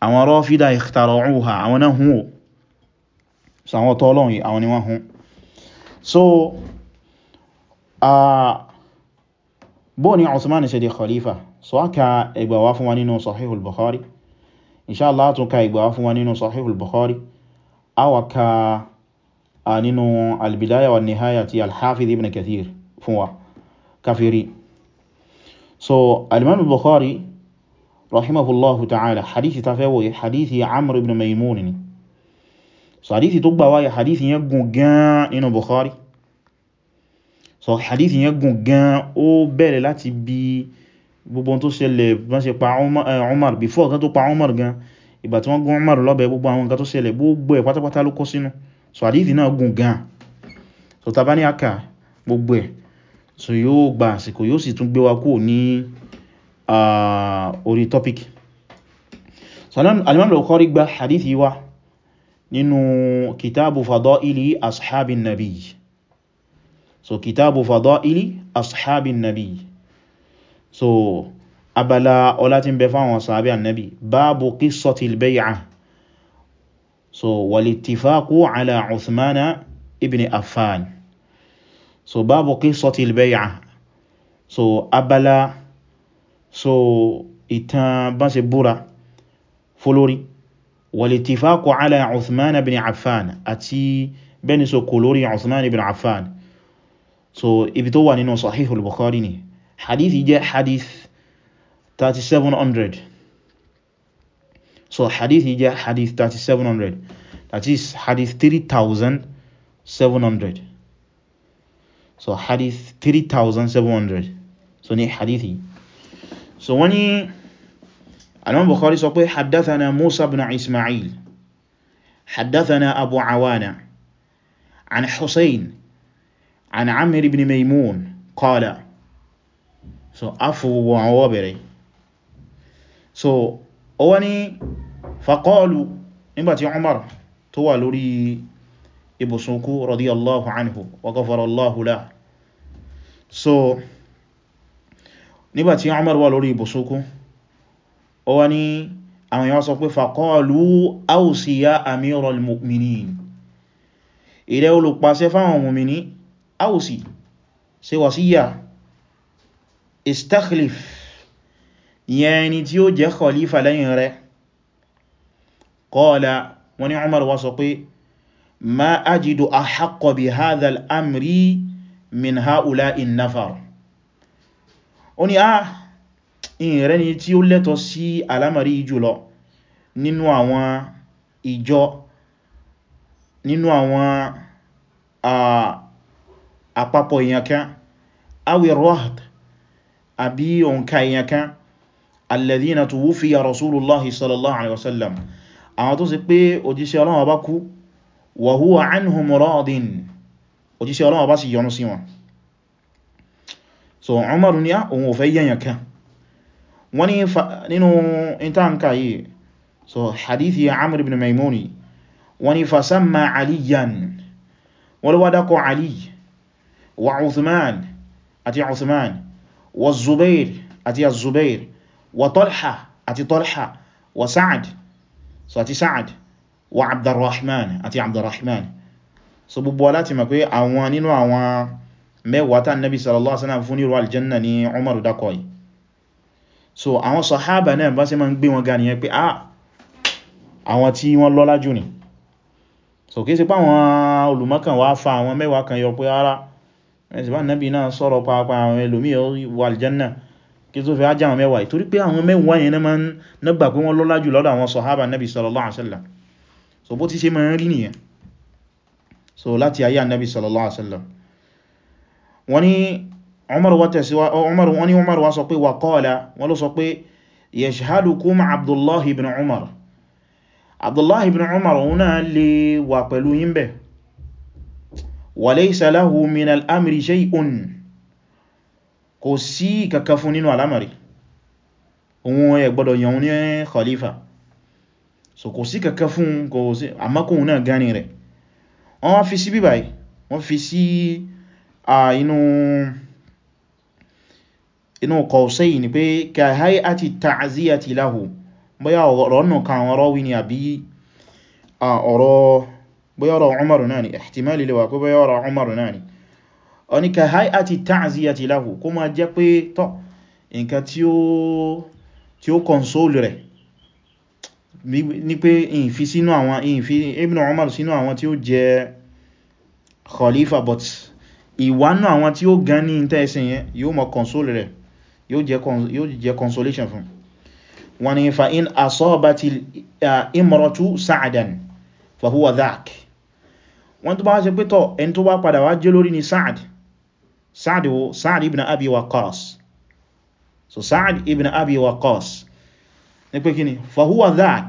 àwọn Rafida ikhtara'uha àwọn náà hún o inṣáàlá a tún ka ìgbà fún wa nínú sahihul bukhari a wà ka a nínú albidaya wa nihaya ti alhafiz ibn kathir fún wa kafiri so alimami bukhari rahimahullahu ta'ala hadithi ta fẹ́ wòye hadithi amr ibn maimun ni so hadithi tó gbà wáyé hadithi yẹn gùn gan nínú bukhari so hadithi yẹn gùn gan ó bẹ̀rẹ̀ láti bí gbogbo tó ṣẹlẹ̀ bọ́n ṣe pa Umar eh, before kan tó pa Umar gan ìgbà tí wọ́n gún Umar lọ́bẹ̀ gbogbo àwọn nǹkan tó ṣẹlẹ̀ gbogbo ẹ̀ pátápátá ló kó sínú so àdíìtì náà gùn gan so tàbá ní àkà gbogbo ẹ̀ so yóò gba àsìkò yóò sì tún gbé wa kúrò ní orí topic so alimam al-Bukhari gba hadithi wa nínú kitabu fadaili ashabin nabi so kitabu fadaili ashabin nabi so abala ọlá tí ń bẹ fáwọn sàábí annabi báàbù qissatil bay'a so walittifaqu ala uthmana ibn affan so báàbù qissatil bay'a so abala so ìtàn bán ṣe búra fólórí walittifaqu ala uthman ibn affan àti bẹ́ni so kò lórí uthman ibn affan so ibi tó wà nínú sahihul bukhari ni hadith jẹ́ حديث 3700 so hadith jẹ́ حديث 3700 that is hadith 3700 so hadith 3700 so ní hadithi so when he الامام بخاري sọ حدثنا موسى بن اسماعيل حدثنا ابو عوانة عن حسين عن عمر بن ميمون قال qala so a fò gbogbo àwọn ọwọ́ bẹ̀rẹ̀ so ó wá ní faqalu nígbàtí Umar tó wà lórí ibùsùnkú radiyallahu anhu wa ghafarallahu lahu so nígbàtí Umar wà lórí ibùsùnkú ó wá ní àwọn èèyàn sọ pé faqalu awsi ya amiral mu'minin ilẹ̀ olùpàṣẹ fáwọn mùmìní awsi ṣe wàsíyà istakhlif ìyẹn ẹni tí ó jẹ́ khalifa lẹ́yìn rẹ̀ qala wọ́n ní Umar wá sọ pé ma ajidu ahaqqa bi hadha al-amri min ha'ula'i an-nafar ó ní ah ìrẹ́ ni tí ó lẹ́tọ̀ sí alamari jùlọ nínú àwọn ìjọ nínú àwọn ah, àpapọ̀ ìyànká awi rohd àbí òǹkà èèyàn kan alladhina tuwuffiya rasulullahi sallallahu alaihi wasallam àwọn tó sì pé òjíṣẹ́ Ọlọ́run bá kú wa huwa anhum radin òjíṣẹ́ Ọlọ́run bá sì yọ́nú sí wọn so Umar ní òun ò fẹ́ yẹ̀yàn kan wọ́n ní nínú intanka yìí so hadithi ibn Maimuni wọ́n fasamma aliyan wọ́n lọ́wọ́dákọ̀ Ali wa Uthman àti Uthman wa zubair àti ya zubair wa tolha àti tolha wa sa'ad so àti sa'ad wa abdurrahman àti abdurrahman so gbogbo láti mọ̀ pé àwọn nínú àwọn mẹ́wàá tán nabi sallallahu alaihi wasallam fún ní ruwal janna ni umaru dakoi so àwọn sahaba náà bá ṣe ma ń gbé wọn ga nìyẹn pé ah àwọn tí wọ́n lọ́lá jù ni so kìí ṣe pé àwọn olùmọ́kàn wá fa àwọn mẹ́wàá kan yọ pé ara ẹ̀sìbá nẹ́bí náà sọ̀rọ̀ pàápàá àwọn ẹlòmí wà aljanna kí tó fi ajá àwọn mẹ́wàá ìtorí pé àwọn mẹ́wàá yẹn náà nẹ́gbà pé wọ́n lọ́lá jù lọ́dọ̀ àwọn sọ̀hábà nẹ́bí sallallahu alaihi wasallam so bó ti ṣe máa ń rí nìyẹn so láti ayé nẹ́bí sallallahu alaihi wasallam wọ́n ní Umar wá sọ pé wa qala wọ́n wa laysa lahu min al-amri shay'un kò sí kàkà fún nínú alamari òun ẹ̀ gbọ́dọ̀ yàn ní khalifa so kò sí kàkà fún kò sí àmákòhun náà gani rẹ̀ wọ́n wá fi sí bíbáyìí wọ́n fi sí inú inú kọ̀ọ̀sẹ́yì ni pé ka hay'ati ta'ziyati lahu bóyá ọ̀rọ̀ nù kan ọ̀rọ̀ ni àbí ọ̀rọ̀ bóyá ọ̀rọ̀ Umaru náà ni ihtimali lè wà pé bóyá ọ̀rọ̀ Umaru náà ni ó ní ka hay'ati ta'ziyati lahu kó máa jẹ́ pé tọ́ nǹkan tí ó kọnsóòlù rẹ̀ ní pé ìfi sínú àwọn ìfi Ibn Umar sínú àwọn tí ó jẹ khalifa but ìwánú àwọn tí ó gan ní ìntẹ́ yẹn yóò mọ̀ kọnsóòlù rẹ̀ yóò jẹ consolation fún wọn ni fa in asabati imratu sa'dan fa huwa dhak wọ́n tó bá ṣe pé tọ́ ẹni tó wá padà wá jẹ́ lórí ni Sa'ad Sa'ad wo Sa'ad ibn Abi Waqqas so Sa'ad ibn Abi Waqqas ní pé kíni fa huwa dhak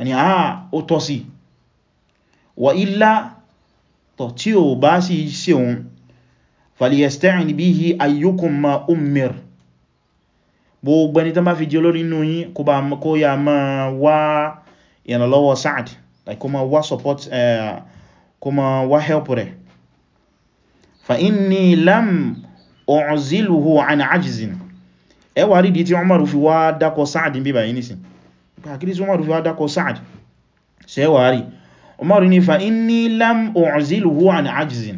ẹni a ó tọ́ sí wa illa tọ̀ tí ó bá sì ṣe òun falyasta'in bihi ayyukum ma ummir gbogbo ẹni tó bá fi jẹ́ lórí inú yín kó ya máa wá ìrànlọ́wọ́ Sa'ad like kó máa wá support uh, kó ma wá help rẹ̀ fa inni lam u'ziluhu an ajizin ẹ wà rí di tí Umaru fi wá dákọ Sa'ad bí báyìí nìsìn pàkírí tí Umaru fi wá dákọ Sa'ad ṣe wà rí Umaru ni fa inni lam u'ziluhu an ajizin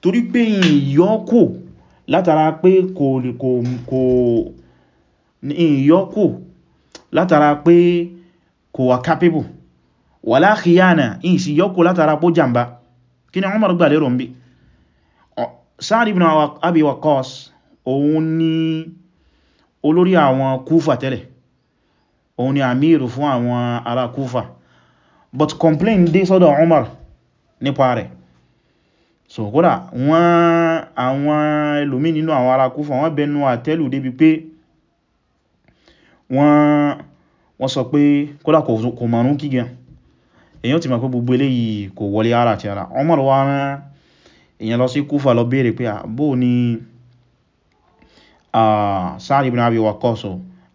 torí pé ìyọ́kù látara pé kò kò ìyọ́kù látara pé kò wà capable wàlá khiyana in sì yọ́kù látara pó jàmbá kí ni Umar gbà lérò ń bí Sa'd ibn Abi Waqqas òun ni olórí àwọn Kúfà tẹ́lẹ̀ òun ni àmìrù fún àwọn ará Kúfà but complain dé sọ́dọ̀ Umar nípa rẹ̀ so kódà wọ́n àwọn ẹlòmí nínú àwọn ará Kúfà wọ́n bẹnu àtẹ́lù débi pé wọ́n sọ pé kódà kò mọ̀rún kígan èyàn ti ma pé gbogbo eléyìí kò wọlé ara àti ara Umar wá rán èyàn lọ sí Kúfà lọ béèrè pé bó ni Sa'd ibn Abi Waqqas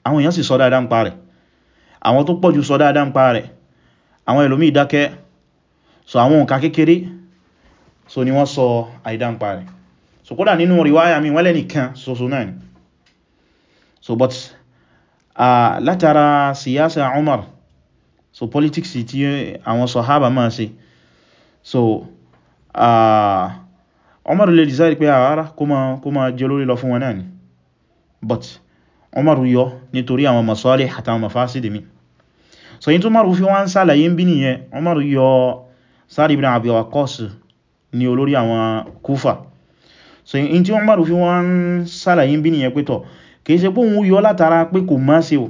àwọn èyàn sì sọ dáadáa ń pa rẹ̀ àwọn tó pọ̀jù sọ dáadáa ń pa rẹ̀ àwọn ẹlòmíì dákẹ́ so àwọn nǹkan kékeré so ni wọ́n sọ àìdá ń pa rẹ̀ so kódà nínú ríwáyà mi wọ́n lẹ́nìkan soso náà ni so but uh, látara siyasa Umar so politics tí àwọn sọ̀hábà máa ṣe so Umaru lè decide pé ara kó ma jẹ lórí lọ fún wọn náà ni but Umaru yọ nítorí àwọn masalih àtàwọn mafasid mi so yí tó Umaru fi wọ́n sala ń bí nìyẹn Umaru yọ Sa'd ibn Abi Waqqas ni olórí àwọn kufa. so yí tí Umaru fi wọ́n sala ń bí nìyẹn pé tọ̀ kìí ṣe pé òun yọ látara pé kò má ṣe o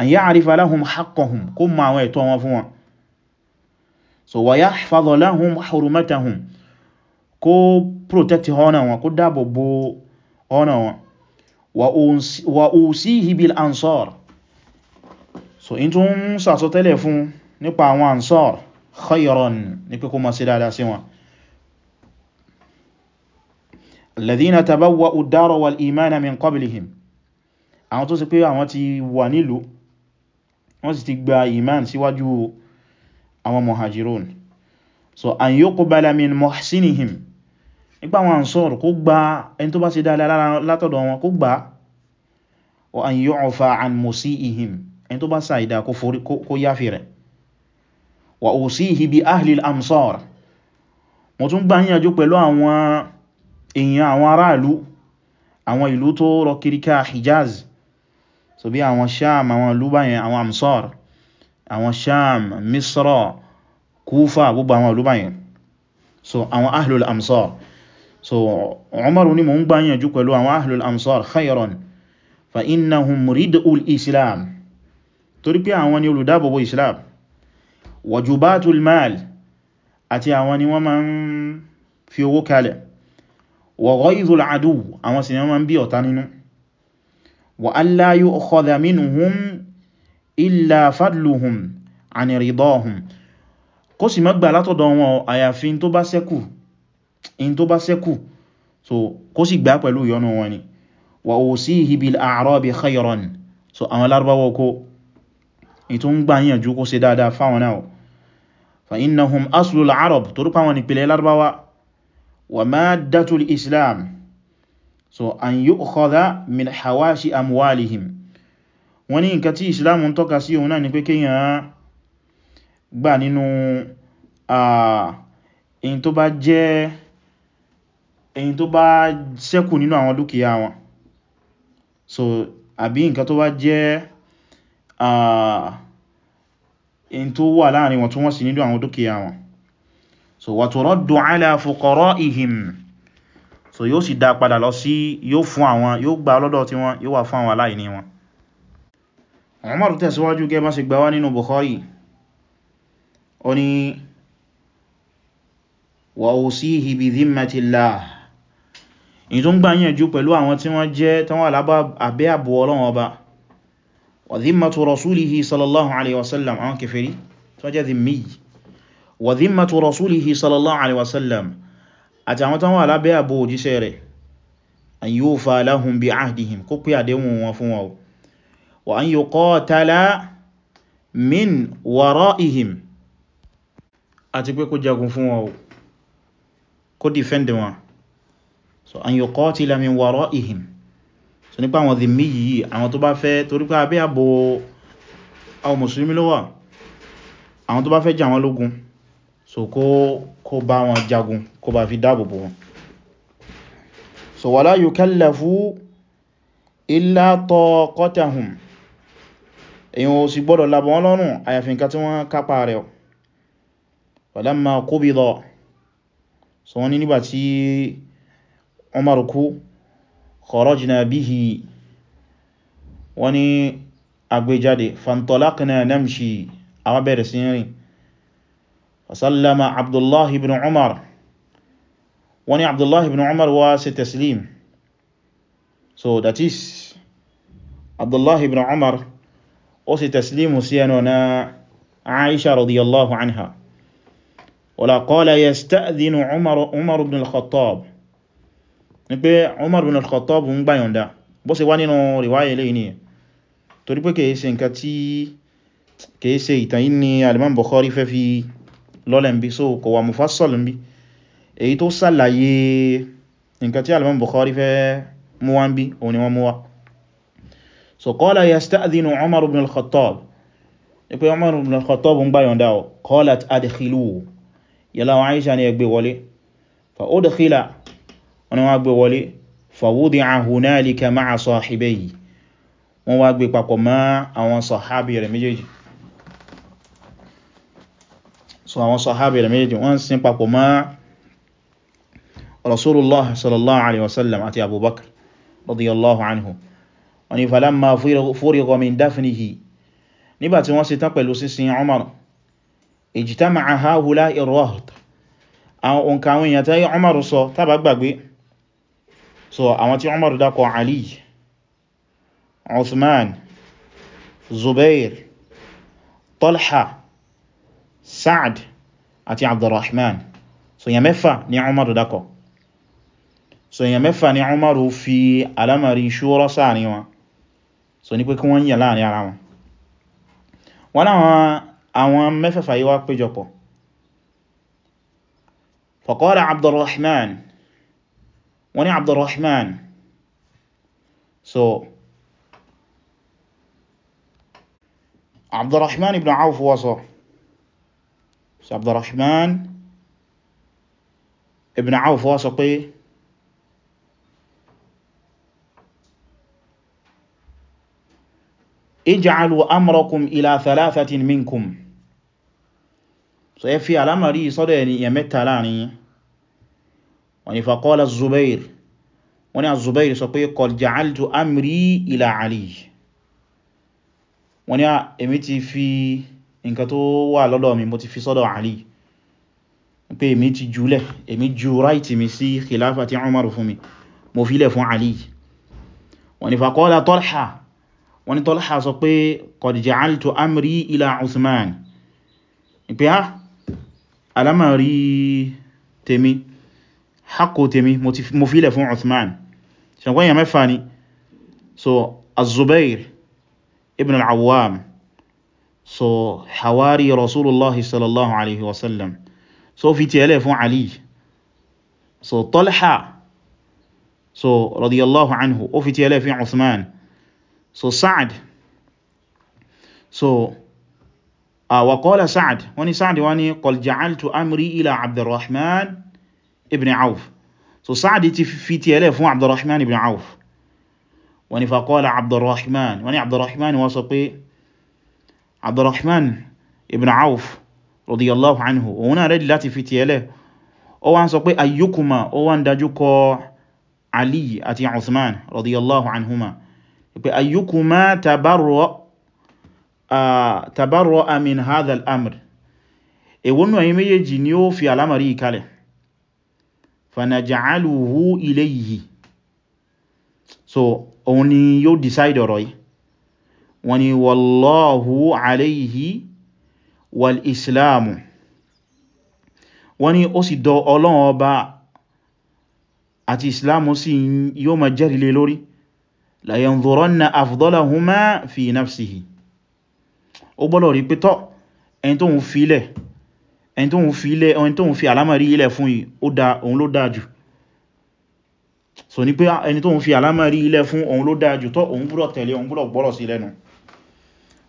an ya'rifa lahum haqqahum kó ma àwọn ẹ̀tọ́ wọn fún wọn so wa ya yahfadha lahum hurumatahum kó protect honor wọn kó dáàbò bo honor wọn wa usihi bil ansar so in tún sàsọtẹ́lẹ̀ fún nípa àwọn ansar khayran ní pé kuma sí dada sí wọn alladhina tabawwa'u ad-dara wal imana min qablihim àwọn tó sì pé àwọn ti wà nílùú wọ́n sì ti gba iman síwájú àwọn muhajirun so an yuqbala min muhsinihim nígbà wọn ansọ́rọ̀ kó gba ẹni tó bá ṣe dáadáa látọ̀dọ̀ wọn kó gba wa an yu'fa an musiihim ẹni tó bá ṣàìdá kó yáfi rẹ̀ wa usihi bi ahli al-amsar mo tún gbà níyànjú pẹ̀lú àwọn èèyàn àwọn aráàlú àwọn ìlú tó rọ kiri ká Hijaz so bí àwọn sham àwọn olúbáyẹn àwọn amsar àwọn sham misra kúfà gbogbo àwọn olúbáyẹn so àwọn ahlul amsar so umaru ni mo ń gbáyànjú pẹ̀lú àwọn ahlul amsar khayran fa innahum rid'ul islam torí pé àwọn ni olùdábòbò islam wajubatul mal àti àwọn ni wọ́n máa ń fi owó kalẹ̀ wa ghaizul adu àwọn sì ń bí ọ̀tá nínú وأن لا يؤخذ منهم إلا فضلهم عن رضاهم kó sì má gbà látọ̀dọ̀ wọn àyàfi in tó bá ṣẹ́kù in tó bá ṣẹ́kù so kó sì gbà pẹ̀lú ìyọ́nú wọn ni wa usihi bil a'rabi khayran so àwọn lárúbáwọ́ kó ìtò ń gbà yíyànjú kó ṣe dáadáa fáwọn náà so an yu'khadha min hawashi amwalihim wọ́n ní nǹkan tí Islam ń tọ́ka sí òun náà ni pé kíyàn gbà nínú èyí tó bá jẹ́ èyí tó bá ṣẹ́kù nínú àwọn dúkìá wọn so àbí nǹkan tó bá jẹ́ èyí tó wà láàrin wọn tó wọ́n sí nínú àwọn dúkìá wọn so wa turaddu ala fuqara'ihim so yóò sì dá padà lọ sí yóò fún àwọn yóò gba lọ́dọ̀ tí wọ́n yóò wà fún àwọn aláìní wọn Umar tẹ̀síwájú gẹ́ má sì gbà wá nínú Bukhari ó ní wa usihi bi dhimmatillah ìyí tó ń gbà yẹnjú pẹ̀lú àwọn tí wọ́n jẹ́ tán wà lábá abẹ́ àbò Ọlọ́run Ọba wa dhimmatu rasulihi sallallahu alaihi wasallam àwọn kèfèrí tó jẹ́ dhimmi wa dhimmatu rasulihi sallallahu alaihi wasallam àti àwọn tán wà lábẹ́ àbò òjíṣẹ́ rẹ̀ an yufa lahum bi ahdihim kó pé àdéhùn wọn fún wọn wa an yuqatala min waraihim àti pé kó jagun fún wọn kó defend wọn so an yuqatila min waraihim so nípa àwọn dhimmi yìí àwọn tó bá fẹ́ torí pé abẹ́ àbò àwọn mùsùlùmí ló àwọn tó bá fẹ́ jà wọn lógun so kó bá wọn jagun kó bá fi dáàbòbò wọn so wala yukallafu illa taqatahum èyàn ò sì gbọ́dọ̀ labọ̀ wọn lọ́rùn àyàfi nǹkan tí wọ́n kápa rẹ̀ walamma qubida so wọ́n ní nígbà tí Umar kú kharajna bihi wọ́n ní agbéjáde fantalaqna namshi àwọn bẹ̀rẹ̀ sí wasallama Abdullahi ibn Umar wọ́n ní abdullahi ibn umar wá ṣe taslim so that is abdullahi ibn umar ó ṣe taslim sí ẹnu na aisha radiyallahu anha wala qala yasta'dhinu umar ibn al-khattab ní pé umar ibn al-khattab ń gbáyọ̀nda bó ṣe wá nínú riwaya ilé ni torí pé kìí ṣe nǹkan tí kìí ṣe ni alimam bukhari fẹ́ fi lọ́lẹ̀ ń so kò mufassal ń bí èyí tó sàlàyé nǹkan tí al-Imam Bukhari fẹ́ mú wá ń bí òun ni wọ́n mú wá so qala yasta'dhinu Umar ibn al-Khattab ní pé Umar ibn al-Khattab ń gbá yọ̀ndà ọ̀ qalat adkhiluhu yàlá wọn Aisha ni ẹgbẹ́ wọlé fa udkhila wọn ni wọ́n gbé wọlé fa wudi'a hunalika ma'a sahibayhi wọ́n wá gbé papọ̀ mọ́ àwọn sọ̀hábì rẹ̀ méjèèjì so àwọn sọ̀hábì rẹ̀ méjèèjì wọ́n sin papọ̀ mọ́ رسول الله صلى الله عليه وسلم أتي أبو بكر رضي الله عنه وني فلما فرغ من دفنه نبات واسي تقبل سيسي عمر اجتمع هؤلاء الرهط أو انكاوين يتاي عمر صو تبقى بي صو أمتي عمر داكو علي عثمان زبير طلحة سعد أتي عبد الرحمن سو يمفى ني عمر داكو so èyàn mẹ́fà ni umaru fi alamari shura sáàrin wọn so ní pé kí wọ́n yàn láàrin ara wọn wọ́n láwọn àwọn mẹ́fẹ̀fà yíwá péjọpọ̀ faqala abdurrahman wọ́n ni abdurrahman so abdurrahman ibn awf wọ́sọ̀ so abdurrahman ibn awf wọ́sọ̀ pé ij'alu amrakum ila thalathatin minkum so ẹ fi alamari sọ́dọ̀ ènìyàn mẹ́ta láàrin yín wọ́n ní faqala zubair wọ́n ní a zubair sọ pé qad ja'altu amri ila ali wọ́n ní a ah, èmi ti fi nǹkan tó wà lọ́dọ̀ mi mo ti fi sọ́dọ̀ ali pé èmi ti jùlẹ̀ èmi ju ráìtì mi sí khilafati umar fún mi mo fi fún ali wọ́n ní faqala talha wọ́n ní Tọ́lá sọ pé qad ja'altu amri ila Uthman pé á alamari tèmi hako tèmi mo fílẹ̀ fún Uthman ṣàgbọ́n yà mẹ́fà ni so azubair ibn al’awwam so hawari rasulullah sallallahu alaihi wasallam so fi tẹ́lẹ̀ fún Ali so Talha so radiyallahu anhu ó fi tẹ́lẹ̀ fún Uthman so Sa'ad so uh, wa qala Sa'ad wọ́n ni Sa'ad wọ́n ni qad ja'altu amri ila Abdurrahman ibn Auf so Sa'ad ti fi ti ẹlẹ́ fún Abdurrahman ibn Auf wọ́n ni fa qala Abdurrahman wọ́n ni Abdurrahman wọ́n sọ pé Abdurrahman ibn Auf radiyallahu anhu òun náà rẹ̀dì láti fi ti ẹlẹ́ ó wá ń sọ pé ayyukuma ó wá ń dájú Ali àti Uthman radiyallahu anhuma pé ayyukuma tabarra'a min hadha al-amr èwo nínú ẹ̀yin méjèèjì ni ó fi alamari ìkalẹ̀ fanaj'aluhu ilayhi so òun ni yóò decide ọ̀rọ̀ yìí wọ́n ni wallahu alayhi wal islamu wọ́n ni ó sì dọ ọlọ́run ọba àti islamu sí yóò ma jẹ́rìlé lórí لَيَنْظُرَنَّ أَفْضَلَهُمَا فِي نَفْسِهِ ó gbọ́dọ̀ rí pé tọ́ ẹni tó ń fi ilẹ̀ ẹni tó ń fi ilẹ̀ ẹni tó ń fi àlámọ̀rí ilẹ̀ fún yìí ó dá òun ló dáa jù so ní pé ẹni tó ń fi àlámọ̀rí ilẹ̀ fún òun ló dáa jù tọ́ òun gbọ́dọ̀ tẹ̀lé òun gbọ́dọ̀ gbọ́rọ̀ sí lẹ́nu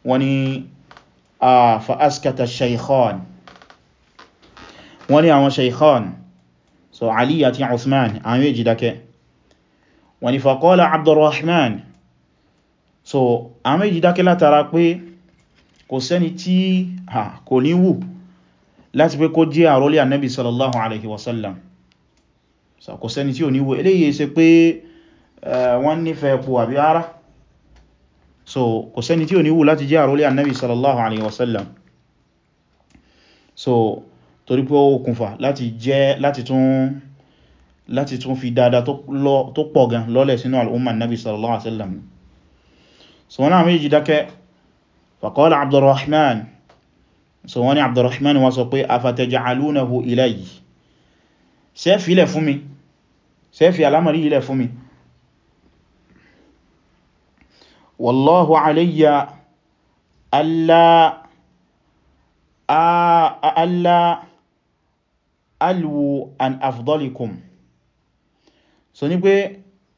wọ́n ni àwọn shaykhan so Ali àti Uthman àwọn èjì dákẹ́ wọ́n ni faqala Abdurrahman so a méjì dákẹ́ látara pé kò sẹ́ni tí kò ní wù láti pé kó jẹ́ àrólé annabi sallallahu alaihi wasallam so kò sẹ́ni tí ò ní wù eléyìí ṣe pé wọ́n nífẹ̀ẹ́ pò àbí ara so kò sẹ́ni tí ò ní wù láti jẹ́ àrólé annabi sallallahu alaihi wasallam so torí ó kùnfà láti jẹ́ láti tún láti tún fi dáadáa tó pọ̀ gan lọ́lẹ̀ sínú al'umman nabi sallallahu alaihi wasallam so wọ́n náà méjì dákẹ́ faqala abdurrahman so wọ́n ni abdurrahman wọ́n sọ pé afataj'alunahu ilayya sẹ́fì ilẹ̀ fún mi sẹ́fì alamari ilẹ̀ fún mi wallahu alayya alla alwu an afdalikum so ní pé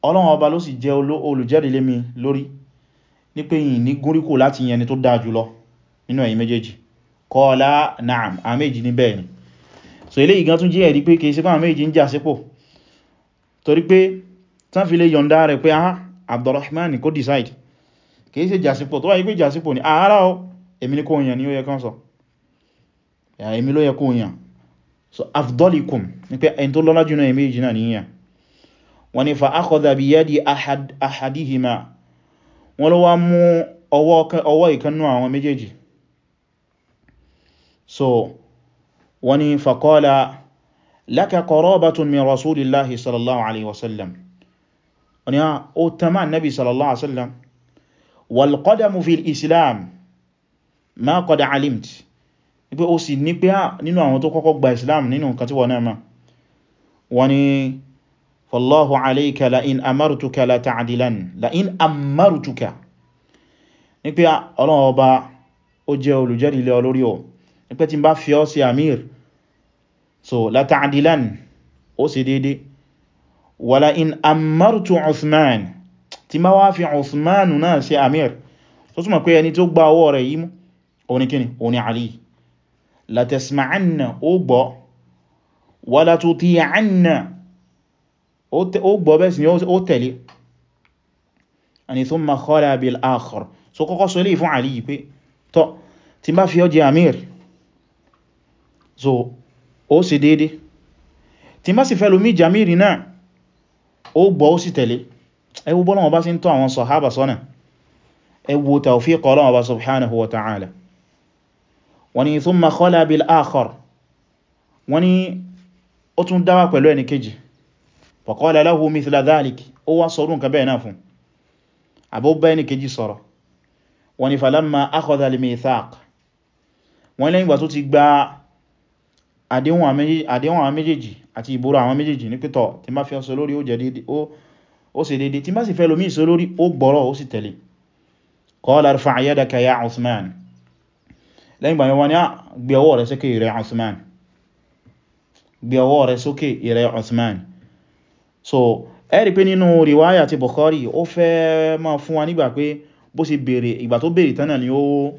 ọlọ́run ọba ló sì jẹ́ olùjẹ́rìí lé mi lórí ní pé yìí ní gúnríkò láti yẹn ni tó dáa jùlọ nínú ẹ̀yin méjèèjì kọ́ọ̀lá na'am àméjì ní bẹ́ẹ̀ ni so eléyìí gan tún jẹ́ ẹ̀rí pé kìí sí pàwọn méjì ń jà sípò torí pé tán fi lè yọ̀ǹda rẹ̀ pé aha Abdurrahman kò decide kìí sí jàsípò tó wáyé pé jàsípò ní ah, ara ọ èmi ní kó yàn ní ó yẹ kán sọ ah, èmi ló yẹ kó yàn so afdolikum ní pé ẹni tó lọ́lá jùnà èmi ìjìnà níyàn wọ́n ní fa akhadha bi yadi ahad ahadihima wọ́n ló wá mú ọwọ́ ìkanú àwọn méjèèjì so wọ́n ní fa qala laka qarabatun min rasulillahi sallallahu alaihi wasallam wọ́n ní ah, ó tamá nabi sallallahu alaihi wasallam ah, wọ́n náà wallahu alayka la in amartuka la ta'dilan la in amartuka ní pé Ọlọ́run ọba ó jẹ́ olùjẹ́rìí lé olórí o ní pé tí n bá fi ọ́ sí amir so la ta'dilan ó sì dédé wala in amartu Uthman tí ma wá fi Uthman náà sí amir tó túnmọ̀ pé ẹni tó gba ọwọ́ rẹ̀ yìí mú oníkíni oní Ali la tasma'anna ó gbọ́ wala tuti'anna ó gbọ́ bẹ́ẹ̀ sì ni ó tẹ̀lé àni thumma khala bil akhar so kọ́kọ́ sọ eléyìí fún àlì yìí pé tọ́ tí bá fi ọ́ jẹ amir so ó sì déédé tí bá sì fẹ́ lómi jamir náà ó gbọ́ ó sì tẹ̀lé ẹwú bọ́lọ́wọ́ bá sì ń tọ́ àwọn sọ̀hábà sọ́nà ẹwú tawfiq Ọlọ́hun bá subhanahu faqala lahu mithla dhalik ó wá sọrún ka bẹ́ẹ̀ náà fún àbúgbà ẹni kejì sọ̀rọ̀ wọ́n ni falamma akhadha al-mithaq wọ́n lẹ́yìn gbà tó ti gba àdéhùn àwọn méjèèjì àti ìbúra àwọn méjèèjì ní pẹ́tọ̀ tí má fi ọsọ lórí ó ṣe dédé tí má sì fẹ́ lómí ìsọ lórí ó gbọ́rọ̀ ó sì tẹ̀lé qala ah, rẹ̀ sókè ìrẹ̀ Uthman so ẹ rí pé nínú riwaya ti Bukhari ó fẹ́ máa fún wa nígbà pé bó ṣe bèèrè ìgbà tó bèèrè tánà ni ó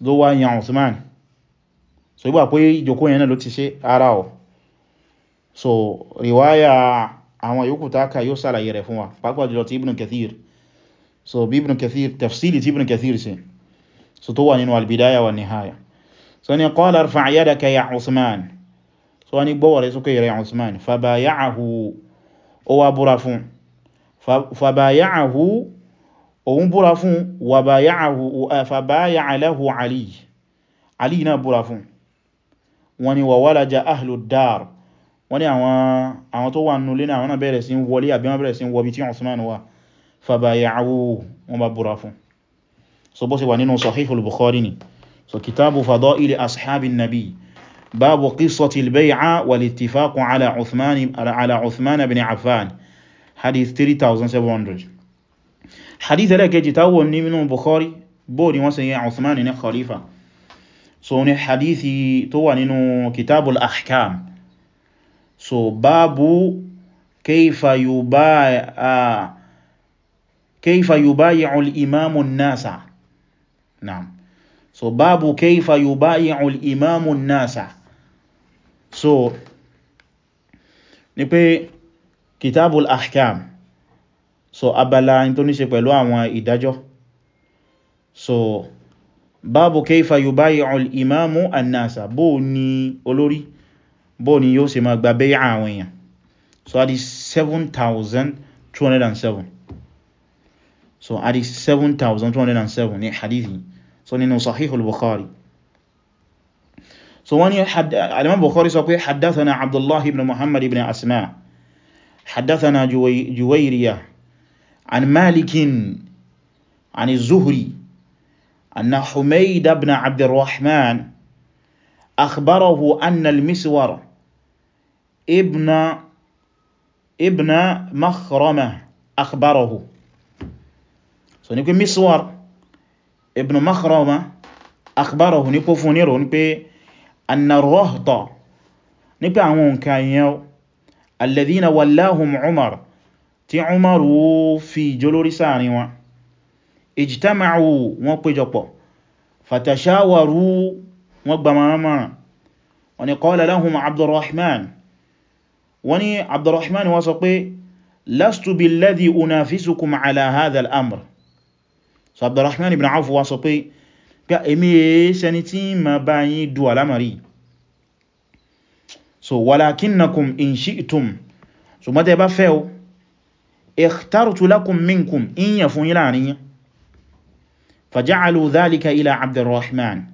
ló wá yan Uthman so ìgbà pé ìjókòó yẹn náà ló ti ṣe ara ọ̀ so riwaya àwọn yòókù tákà yóò sàlàyé rẹ̀ fún wa pàápàá jùlọ ti Ibn Kathir so bí Ibn Kathir tafsili ti Ibn Kathir ṣe so tó wà nínú al so ni qala irfa' yadaka so wọ́n ní gbọ́wọ̀ rẹ̀ sókè rẹ̀ Usman fàbáyáàhù ó wá búra fún fàbáyáàhù òun búra fún wàbáyáàhù eh, fàbáyáàláhù alì alì náà búra fún wọ́n ní wà wálaja ahlu dar wọ́n ní àwọn tó wà nù lé náà wọ́n náà bẹ̀rẹ̀ sí so bó sì wà nínú sahihul Bukhari ni so kitabu fada'ili ashabi nabi باب قصة البيعة والاتفاق على عثمان على عثمان بن عفان حديث 3700 حديث لا كجي من البخاري بخاري بودي عثمان بن خليفة so ni hadithi كتاب wà nínú باب كيف so كيف kaifa الإمام al نعم so babu kaifa yubayi'u al-imamu an-nasa so ní pé kitabul ahkam so abala in tó ní ṣe pẹ̀lú àwọn ìdájọ́ so babu kaifa yubayi'u al-imamu an-nasa bó ni olórí bó ni yóò ṣe máa gba bẹ́yà àwọn èèyàn so adi 7207 so adi 7207 ní hadithi so nínú sahihul bukhari so wọ́n ní alimam bukhari sọ pé haddathana abdullah ibn muhammad ibn asma haddathana juwairiya an malikin عن zuhri أن حميد بن عبد الرحمن أخبره أن المسور ابن ابن مخرمة أخبره so ni ibn Makhrama akhbarahu ní kó fún nírò ní pé annarọ́htọ̀ ní pé àwọn nǹkan yẹn alladhina wallahum Umar tí Umar fi jólórí sáàrin wọn ijtama'u wọn péjọpọ̀ fatashawaru wọn gbàmàrànmàràn wọ́n ní qala lahum Abdurrahman wọ́n ní Abdurrahman wọ́n sọ pé lastu billadhi unafisukum ala hadha al-amr so abdurrahman ibn awf wá sọ pé ga èmi ẹsẹni e tí ma bá yín du alamari so walakinnakum in shi'tum so mọ́ tẹ́ bá fẹ́ o ikhtartu lakum minkum in yà fún yín láàrin yín dhalika ila abdurrahman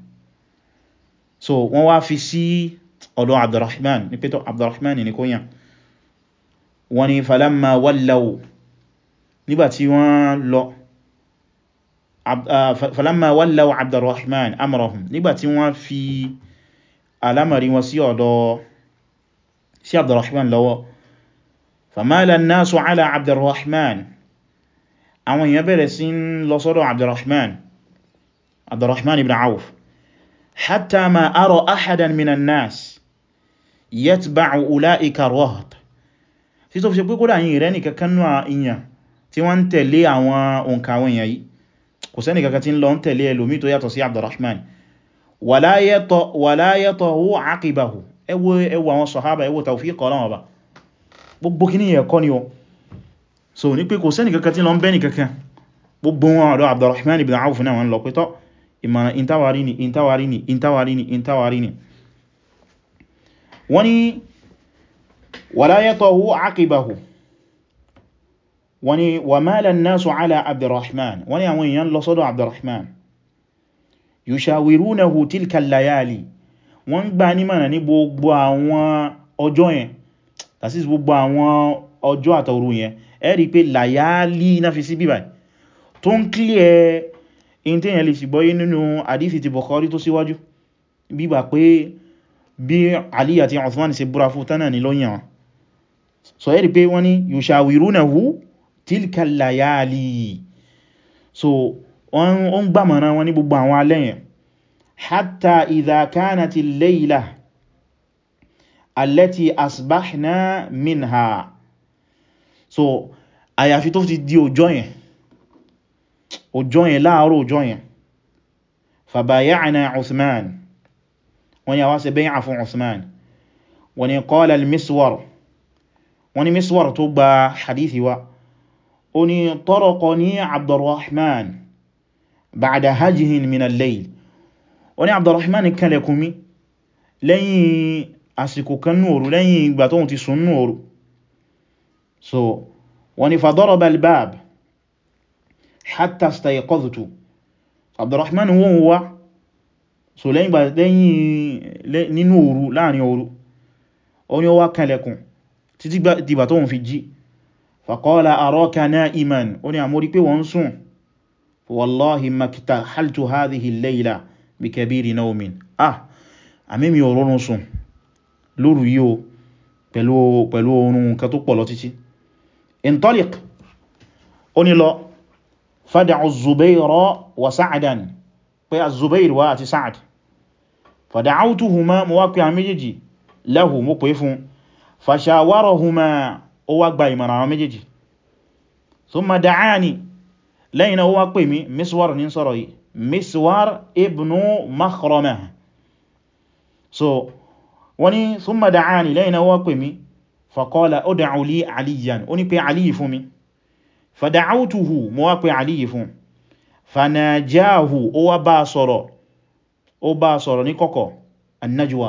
so wọ́n wá fi sí ọ̀dọ̀ abdurrahman ní pẹ́tọ̀ abdurrahman ní kó yàn wọ́n falamma wallaw nígbàtí wọ́n lọ Uh, falamma wallaw abdurrahman amrahum nígbàtí wọ́n fi alamari wọn sí ọ̀dọ̀ sí abdurrahman lọ́wọ́ famala nasu ala abdurrahman àwọn èèyàn bẹ̀rẹ̀ sí ń lọ sọ́dọ̀ abdurrahman abdurrahman ibn auf hatta ma ara ahadan minan nas yatba'u ulaika rahb sí tó fi ṣe pé kódà yìí rẹ́ nìkan kanú èèyàn tí wọ́n ń tẹ̀lé àwọn òǹkà àwọn èèyàn yìí kò sẹ́ni kankan tí ń lọ ń tẹ̀lé ẹlòmí tó yàtọ̀ sí Abdurrahman wala yatahu aqibahu ẹwọ ẹwọ àwọn sọ̀hábà ẹwọ tawfiq ọlọ́wọ́ ba gbogbo kí ní ẹ̀kọ́ ni ọ so ní pé kò sẹ́ni kankan tí lọ ń bẹ́ni kankan gbogbo wọn ọ̀dọ̀ wọ́n ni wà mala an-nasu ala abdurrahman wọ́n ni àwọn èèyàn lọ sọ́dọ̀ abdurrahman yushawirunahu tilka al-layali wọ́n gbà ní mọ̀nà ní gbogbo àwọn ọjọ́ yẹn that is gbogbo àwọn ọjọ́ àtọ̀rù yẹn ẹ rí pé layali na fi sí bíbà tó ń clear in tí yẹn lè sì gbọ́yé nínú àdífì ti Bukhari tó síwájú bíbà pé bí Ali àti Uthman ṣe búra fún tánà ní lọ́yìn àwọn so ẹ rí pé wọ́n ni yushawirunahu tilka layali so on on gba mo ran wọn ní gbogbo àwọn alẹ́ yẹn hatta idha kanat al layla allati asbahna minha so aya fi tó fi di ọjọ́ yẹn ọjọ́ yẹn la aro ọjọ́ yẹn fa bay'ana usman wọ́n yà wá ṣe bay'a fu usman wọ́n ni qala al-Miswar wọ́n ni Miswar tó gba hadithi wa ó ní taraqani Abdurrahman ba'da hajjihin min al-layl ó ní Abdurrahman kẹlẹ̀kùn mi lẹ́yìn àsìkò kan nóòrù lẹ́yìn ìgbà tóhun ti sùn nóòrù so wọ́n ní fadaraba al-bab hatta istayqadhtu Abdurrahman wọ́n wá so lẹ́yìn ìgbà nínú òru láàrin òru ó ní wá kẹlẹ̀kùn títí dìgbà tóhun fi jí faqala araka na'iman ó ní àmórí pé wọ́n sùn wallahi makita haltu hadhihi layla bi kabiri naumin ah àmìmì òrùn sùn lóru yíò pẹ̀lú oorun kan tó pọ̀ lọ títí intoliq ó ní lọ fada'u zubayra wa sa'adan pé azubair wa àti sa'ad fada'autuhuma mo wá lahu mo pè fún fashawarahuma ó wá gba ìmọ̀ràn àwọn méjèèjì thumma da'ani lẹ́yìn náà ó wá pè mí miswar ní sọ́rọ̀ yìí miswar ibnu makhrama so wọ́n ní thumma da'ani lẹ́yìn náà ó wá pè mí faqala ud'u li aliyan ó ní pé aliyi fún mi fada'autuhu mo wá pè aliyi fún fanajahu ó wá bá sọ̀rọ̀ ó bá sọ̀rọ̀ ní kọ̀kọ̀ annajwa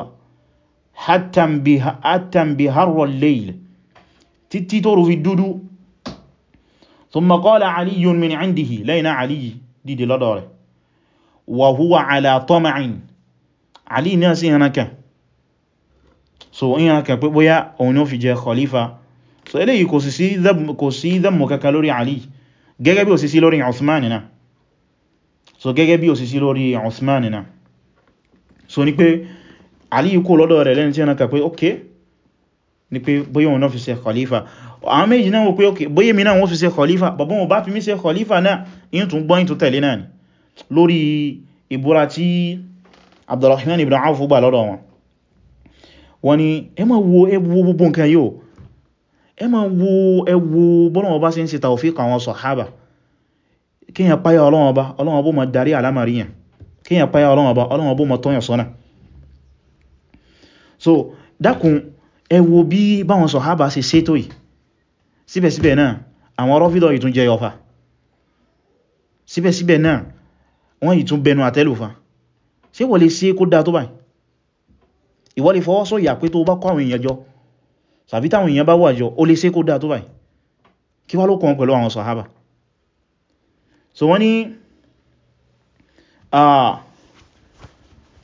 hatta bi harwa layl títí tó rufi dúdú thumma qala aliyun min indihi lẹ́yìn náà aliyi dìde lọ́dọ̀ rẹ̀ wa huwa ala tama'in ali náà sí ìrànkà so ìrànkà pé bóyá òun ni ó fi jẹ khalifa so eléyìí kò sí dhammu kaka lórí ali gẹ́gẹ́ bí ó sì sí lórí Uthman náà so gẹ́gẹ́ bí ó lórí Uthman so ní pé ali kò lọ́dọ̀ rẹ̀ lẹ́yìn tí pé okay ní pé bóyá wọn náà fi ṣe khalifa àwọn méjì náà wò pé ok bóyá mi náà wọ́n fi ṣe khalifa bàbá wọn bá fi mí ṣe khalifa náà yíò tún gbọ́yìn tó tẹ̀lé náà ni lórí ìbúra tí Abdurrahman ibn Awf gbà lọ́dọ̀ wọn wọ́n ní ẹ máa wo ẹwọ gbogbo nǹkan yóò ẹ máa wo ẹwọ bọ́lọ́wọ́ bá ṣe ń ṣe tawfiq àwọn sahaba kíyàn páyà Ọlọ́run Ọba Ọlọ́run Ọba máa darí àlámàríyàn kíyàn páyà Ọlọ́run Ọba Ọlọ́run Ọba máa tọ́yàn sọ́nà so dákun ẹ wo bí báwọn sọ̀hábà ṣe ṣètò yìí síbẹ̀síbẹ̀ náà àwọn rọ́fídọ̀ yìí tún jẹ ọfà síbẹ̀síbẹ̀ náà wọ́n yìí tún bẹnu àtẹ́lù fa ṣé wọ́n lè ṣe kó dá tó báyìí ìwọ lè fọwọ́ sọ̀yà pé tó bá kó àwọn èèyàn jọ wọ́n ni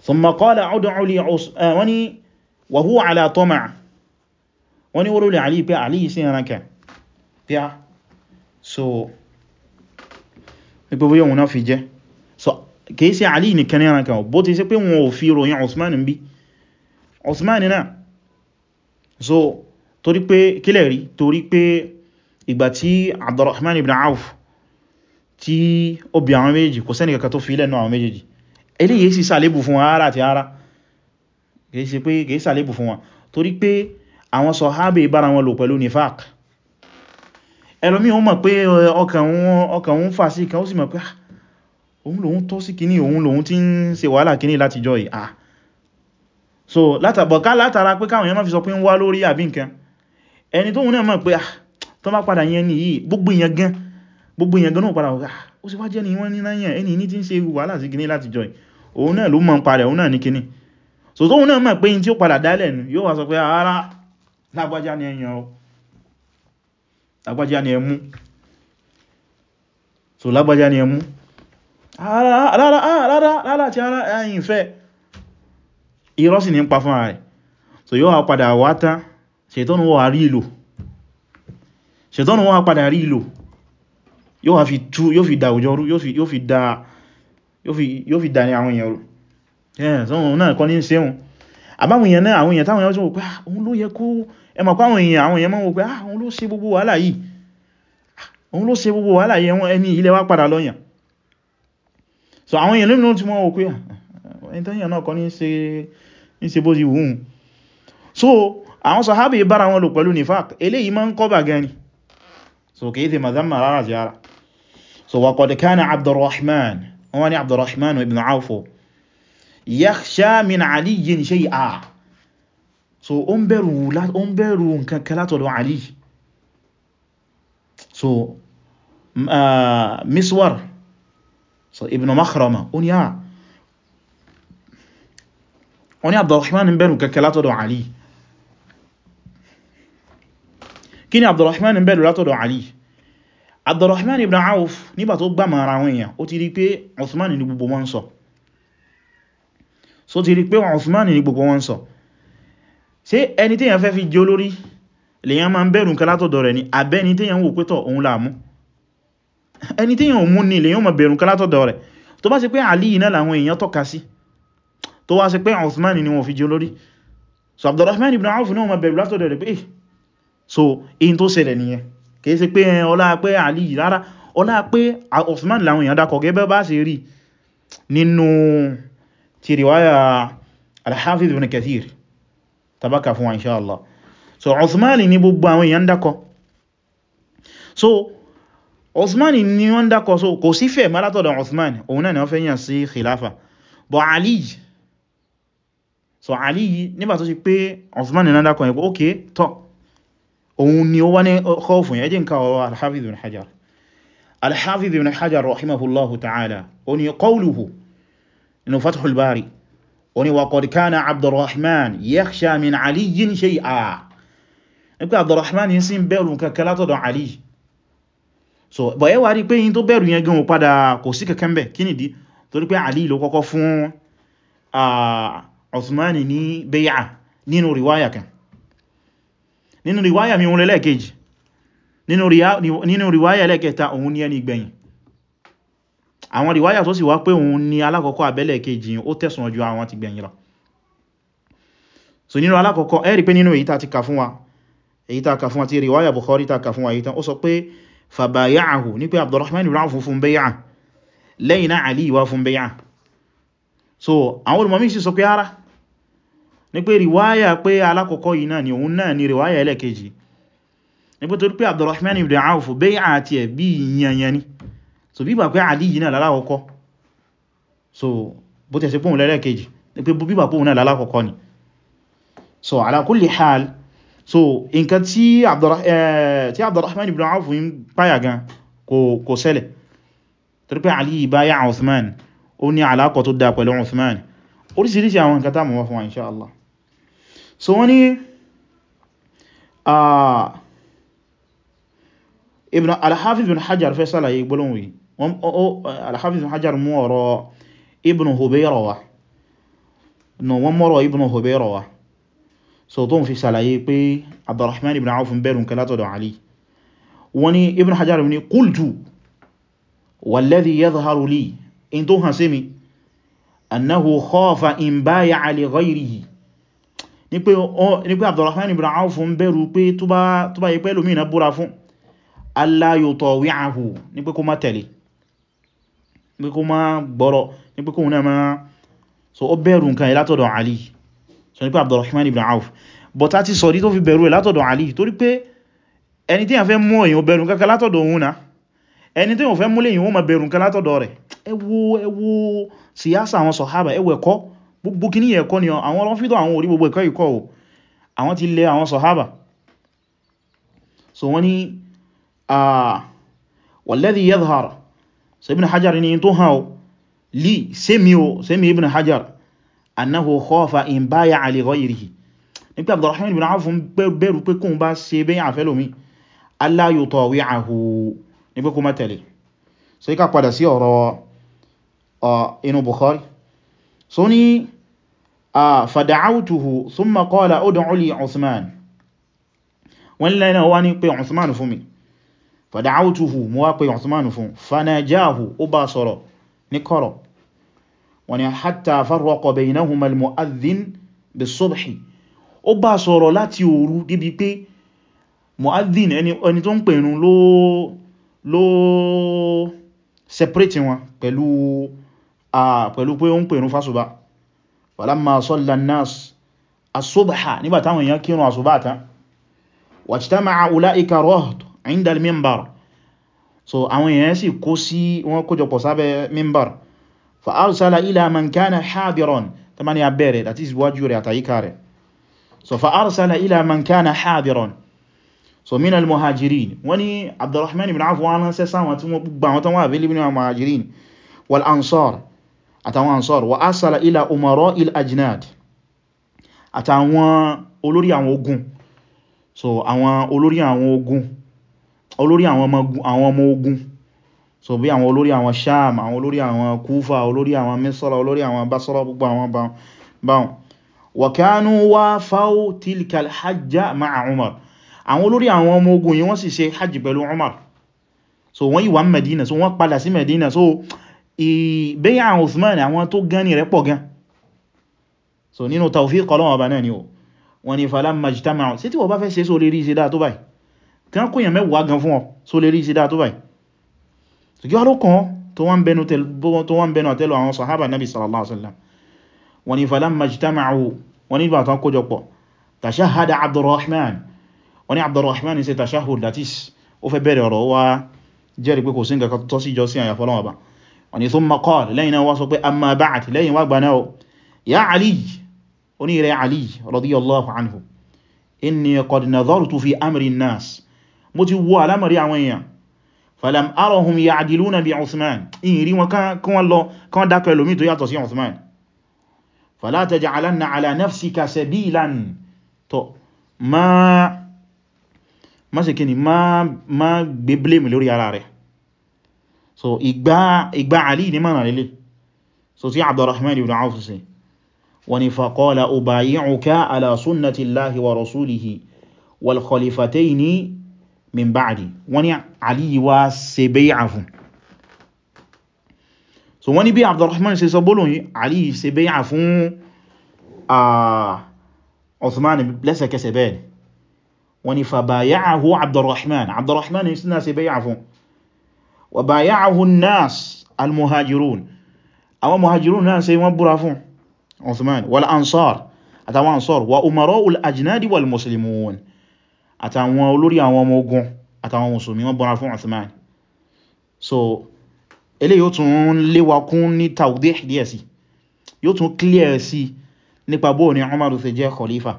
ثم قال ادعوا لي عثمان وهو على طمع wọ́n ní wọ́rọ̀lẹ̀ àlì pé àlì sí ẹranka pé so ní gbogbo yóò náà fi jẹ́ so kìí sí àlì nìkan ní ẹranka bó ti sí pé wọn ò fi ròyìn osman bí osman náà so torí pé kílẹ̀ rí torí pé ìgbà tí abdurrahman ibn auf tí ó bí àwọn méjèèjì kò sẹ́nì kankan tó fi lẹ́nu àwọn méjèèjì eléyìí sì sàlébù fún wọn ara àti ara kìí sí pé kìí sàlébù fún wọn torí pé àwọn sọ̀hábẹ̀ ìbára wọn lò pẹ̀lú nifaq ẹlòmí o mọ̀ pé ọkàn òun fà sí kan ó sì mọ̀ pé ah, òun lòun tó sí kíní òun lòun tí ń ṣe wàhálà kíní láti jọ ìhà ah. so látàbọ̀ká látara pé káwọn èèyàn fi sọ pé ń wá lórí àbí nǹkan ẹni tóun náà mọ̀ pé ah, tó bá padà yẹn ni yìí gbogbo èèyàn gan gbogbo èèyàn gan náà padà wọ́n ó sì wá ni wọ́n ní náyàn ẹni ní tí ń ṣe wàhálà so tóun náà mọ̀ pé in tí ó padà dálẹ̀ nù yóò lágbájá ni ẹ̀yàn o lágbájá ni ẹmú so lágbájá ni ẹmú ah, rárá tí ara ẹ̀yìn fẹ́ irọ́ sì ní ń pa fún ààrẹ so yóò wá padà wá tán ṣètọ́nù wọ́n àrí ìlò ṣètọ́nù wọ́n padà rí ìlò yóò fi tú yóò fi da òjò rú yóò fi da ní àwọn èèyàn rú ẹ̀ẹ́ sọ́wọ́n náà kọ́ ní ṣeun àbáwọn èèyàn náà àwọn èèyàn táwọn èèyàn wọ́n pé ah, òun ló yẹ kó ẹmọ̀ pé àwọn èèyàn àwọn èèyàn máa wò pé ah, òun ló ṣe gbogbo wàhálà yìí ah, òun ló ṣe gbogbo wàhálà yìí ẹwọ́n ẹni ilẹ̀ wá padà lọ́yàn so àwọn èèyàn lónìí tí wọ́n wò pé ẹni tó so àwọn sàhábì bára wọn so kìí ti mazamma rárá ti ara wa ni Abdurrahman ibn Awfu yakhsha min aliyin shay'a so ó ń bẹ̀rù ó nǹkan kan látọ̀dọ̀ ali so uh, miswar so ibn makhrama ó ní a ah, ó ní abdurrahman ń bẹ̀rù kankan látọ̀dọ̀ ali kí ni abdurrahman ń bẹ̀rù látọ̀dọ̀ ali abdurrahman ibn auf nígbà tó gbàmọ̀ ara wọn èèyàn ó ti rí pé osman ni gbogbo wọn sọ so so ti rí pé Uthman ní gbogbo wọn sọ ṣé ẹni tí èyàn fẹ́ fi jẹ́ olórí lèyàn máa ń bẹ̀rù nǹkan látọ̀dọ̀ rẹ̀ ni àbẹ́ni tí èyàn wò pé tọ̀ òun láàmú ẹni tí èyàn mú ní lèyàn máa bẹ̀rù nǹkan látọ̀dọ̀ rẹ̀ tó bá ṣe pé Ali náà làwọn èyàn tọ́ka sí tó wá ṣe pé Uthman ni wọ́n fi jẹ́ olórí so Abdurrahman ibn Auf náà máa bẹ̀rù látọ̀dọ̀ rẹ̀ pé eh so in tó ṣẹlẹ̀ nìyẹn kìí ṣe pé eh, ọlá pé Ali rárá ọlá pé Uthman làwọn èyàn dákọ̀ gẹ́gẹ́ bá ṣe rí nínú ti riwaya al-Hafiz ibn Kathir tabaka fún wa insha Allah so Uthmani ni gbogbo àwọn èèyàn dákọ so Uthmani ni wọ́n dákọ so kò sí fẹ́ málátọ̀dọ̀ Uthmani òun náà ni wọ́n fẹ́ yàn sí khilafa but Ali so Ali yìí nígbà tó sì pé Uthmani náà dákọ yẹn pé ok tọ́ òun ni ó wá ní khawfun yẹn jẹ́ nǹkan ọ̀rọ̀ al-Hafiz ibn Hajar al ibn Hajar rahimahullahu ta'ala ó qawluhu inú Fathul Bari ó ní wa qad kana Abdurrahman yakhsha min Aliyin shay'a nípa Abdurrahman yìí sí ń bẹ̀rù kankan látọ̀dọ̀ Ali so bọ̀ yẹ́ wà rí pé yìí tó bẹ̀rù yẹn gan padà kò sí kankan bẹ̀ kí nìdí torí pé Ali ló kọ́kọ́ fún Uthman ní bay'a nínú riwaya kan nínú riwaya mi òun lẹ́lẹ́kejì nínú riwaya lẹ́kẹta òun ní ẹni gbẹ̀yìn àwọn riwaya tó sì wá pé òun ni alákọ̀ọ́kọ́ abẹ́lẹ̀ kejì ó tẹ̀sùn ju àwọn ti gbẹ̀yìn lọ so nínú alákọ̀ọ́kọ́ ẹ rí pé nínú èyí tá ti kà fún wa èyí tá kà fún wa ti riwaya Bukhari tá kà fún wa èyí tán ó sọ pé fàbáyáhù ní pé Abdurrahman ibn so àwọn olùmọ̀mí sì sọ pé ara ní pé riwaya pé alákọ̀ọ́kọ́ yìí náà ni òun náà ni riwaya ẹlẹ́kejì ní pé torí pé ni so bí ìgbà pé àdí yìí náà lálákọ̀ọ́kọ́ so bó tẹ̀ sí pòun lẹ́lẹ́kejì pé bí ìgbà pòun náà lálákọ̀ọ́kọ́ ni so ala kulli hal so nǹkan tí Abdurrahman ibn Awf ń báyà gan kò ṣẹlẹ̀ torí pé Ali báyà Uthman ó ní alákọ̀ tó dáa pẹ̀lú Uthman oríṣiríṣi àwọn nǹkan tá mọ̀ wá fún wa so wọ́n ni ah, Ibn al-Hafiz ibn Hajar fẹ́ sálàyé gbólóhùn yìí wọ́n al-Hafiz Hajar mú ọ̀rọ̀ Ibn Hubayra wá no wọ́n mọ́rọ̀ Ibn Hubayra wá so tó ń fi sàlàyé pé Abdurrahman ibn Auf ń bẹ̀rùn kalátọ̀dọ̀ Ali wọ́n ni Ibn Hajar ni qultu walladhi yadhharu li in tó hàn sí mi annahu khafa in baya'a li ghayrihi ní pé Abdurrahman ibn Auf ń bẹ̀rù pé tó bá yẹ pẹ́lú mìíràn búra fún alla yutawi'ahu ní pé kó má tẹ̀lé pé kó má gbọ́rọ̀ ní pé kóhun náà má so ó bẹ̀rù nǹkan yìí látọ̀dọ̀ Ali so ní pé Abdurrahman ibn Auf but a ti sọ̀rí tó fi bẹ̀rù ẹ̀ látọ̀dọ̀ Ali torí pé ẹni tí yàn fẹ́ mú èyàn bẹ̀rù kankan látọ̀dọ̀ òun náà ẹni tí yàn fẹ́ mú lèyàn ó ma bẹ̀rù kankan látọ̀dọ̀ rẹ̀ ẹ wò ẹ wò síyásà àwọn sọ̀hábà ẹ wò ẹ̀kọ́ gbogbo kí ní ẹ̀kọ́ ni àwọn so ibn hajar ni tó hàn li semi o semi ibn hajar annahu khafa in baya ali ghayrihi ní pé abdurrahman ibn awf bẹ̀rù pé kun bá ṣe be yan fe lomi alla yutawi'ahu ní pé kó má tẹ̀lé so ká padà sí ọ̀rọ̀ inú bukhari so ni a fada'autuhu thumma qala ud'u li usman wọ́n lẹ́nà wá ní pé usman fún fàdáwùtùhù mọ́ wá pé Uthman fún fanajáhù ó bá sọ̀rọ̀ ní kọ̀rọ̀ wọ́n ni hatta farraqa baynahuma al-mu'adhdhin bis-subhi ó bá sọ̀rọ̀ láti òru débi pé mu'adhdhin ẹni tó ń pèrún ló ló separate wọn pẹ̀lú pẹ̀lú pé ó ń pèrún fásùbá falamma indal mimbar so àwọn èèyàn sì kó sí wọn kójọpọ̀ sábẹ́ mimbar fa arsala ila man kana hadiron ta ma ni abẹ́rẹ̀ that is wájú rẹ̀ àtàyíká rẹ̀ so fa arsala ila man kana hadiron so min al-muhajirin wani abdurrahman ibn afu wọn ránṣẹ́ sáwọn tí wọ́n gbà wọn tán wà abẹ́lẹ̀ ibn al-muhajirin wal ansar àtàwọn ansar wa arsala ila umaro il ajnad àtàwọn olórí àwọn ogun so àwọn olórí àwọn ogun olórí àwọn ọmọ ogun so bí àwọn olórí àwọn sham àwọn olórí àwọn kúfà olórí àwọn misra olórí àwọn basra gbogbo àwọn báwọn wa kanu wafaw tilkal hajja ma'a umar àwọn olórí àwọn ọmọ ogun yìí wọ́n sì ṣe hajj pẹ̀lú umar so wọ́n ìwà medina so wọ́n padà sí medina so ìbẹ́yà uthman àwọn tó gani rẹ̀ pọ̀ gan so nínú tawfiq Ọlọ́run ọba náà ni o wọ́n ni falamma sí tí wọ́n bá fẹ́ ṣe lè rí ìṣẹ́dá tó báyìí kan kó yàn mẹ́wàá gan fún ọ so lè rí sí dáa tó báyìí tó kí wá ló kàn tó wọ́n bẹnu àtẹ́lù àwọn sahaba nabi sallallahu alaihi wasallam wọ́n ní wọ́n ní ìgbà tán kójọpọ̀ tashahada abdurrahman mo ti wo alámọ̀rí àwọn èèyàn falam arahum ya'diluna bi Uthman in rí wọn kan lọ kan dákọ̀ ẹlòmí tó yàtọ̀ sí Uthman fala taj'alanna ala nafsika sabilan tó ma ma ṣe kíni ma ma gbé blame lórí ara rẹ̀ so ìgbà ìgbà Ali ni mọ́nà lélẹ̀ so tí Abdurrahman ibn Auf sí wani faqala ubayi'uka ala sunnati Allahi wa rasulihi wal khalifataini min ba'di wọ́n ní Ali wá ṣe bay'a so wọ́n ní bí Abdurrahman ṣe sọ bọ́lùn yìí Ali ṣe bay'a fún Uthman lẹ́sẹ̀kẹsẹ̀ bẹ́ẹ̀ wọ́n ní fa bay'ahu Abdurrahman Abdurrahman ní sínà ṣe bay'a fún wa bay'ahu an-nas al-muhajirun àwọn muhajirun náà ṣe wọ́n búra fún Uthman wal àtàwọn olórí àwọn ọmọ ogun àtàwọn mùsùlùmí wọ́n bọ́ra fún Uthman so eléyìí ó tún léwa kún ní tawdih díẹ̀ sí yóò tún clear sí nípa bóò ni Umar ṣe jẹ́ khalifa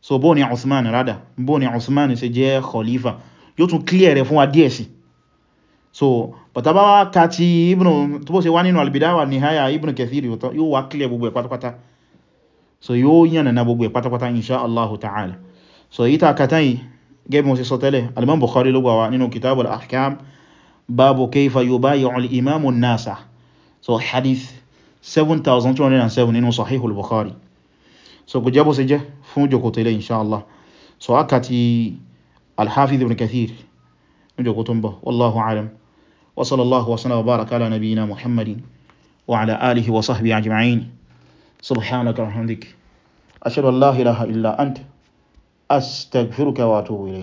so bóò ni Uthman rádà bóò ni Uthman ṣe jẹ́ khalifa yóò tún clear rẹ̀ fún wa díẹ̀ sí so bàtà bá wá ka ti ibùn tó bó ṣe wá nínú al-Bidaya wa Nihaya Ibn yóò wá clear gbogbo ẹ̀ pátápátá so yóò yànnà gbogbo ẹ̀ pátápátá insha Allahu ta'ala so yi takatan yi gẹ́bí mo sì sọ tẹ́lẹ̀ alman bukhari ló gbàwà nínú kitabul ahkam babu kayfa yubayi'u al-imamu an-nasa so hadith 7207 nínú sahihul bukhari so kò jẹ́ bó ṣe jẹ́ fún jòkó tẹ́lẹ̀ inṣáàlá so aka ti al-hafiz ibn kathir ní jòkó tó ń bọ̀ wallahu alam wa sallallahu wa sallam wa baraka ala nabiyyina muhammadin wa ala alihi wa sahbihi ajma'in subhanaka rahmatik ashhadu an la ilaha illa anta astaghfiruka wa atubu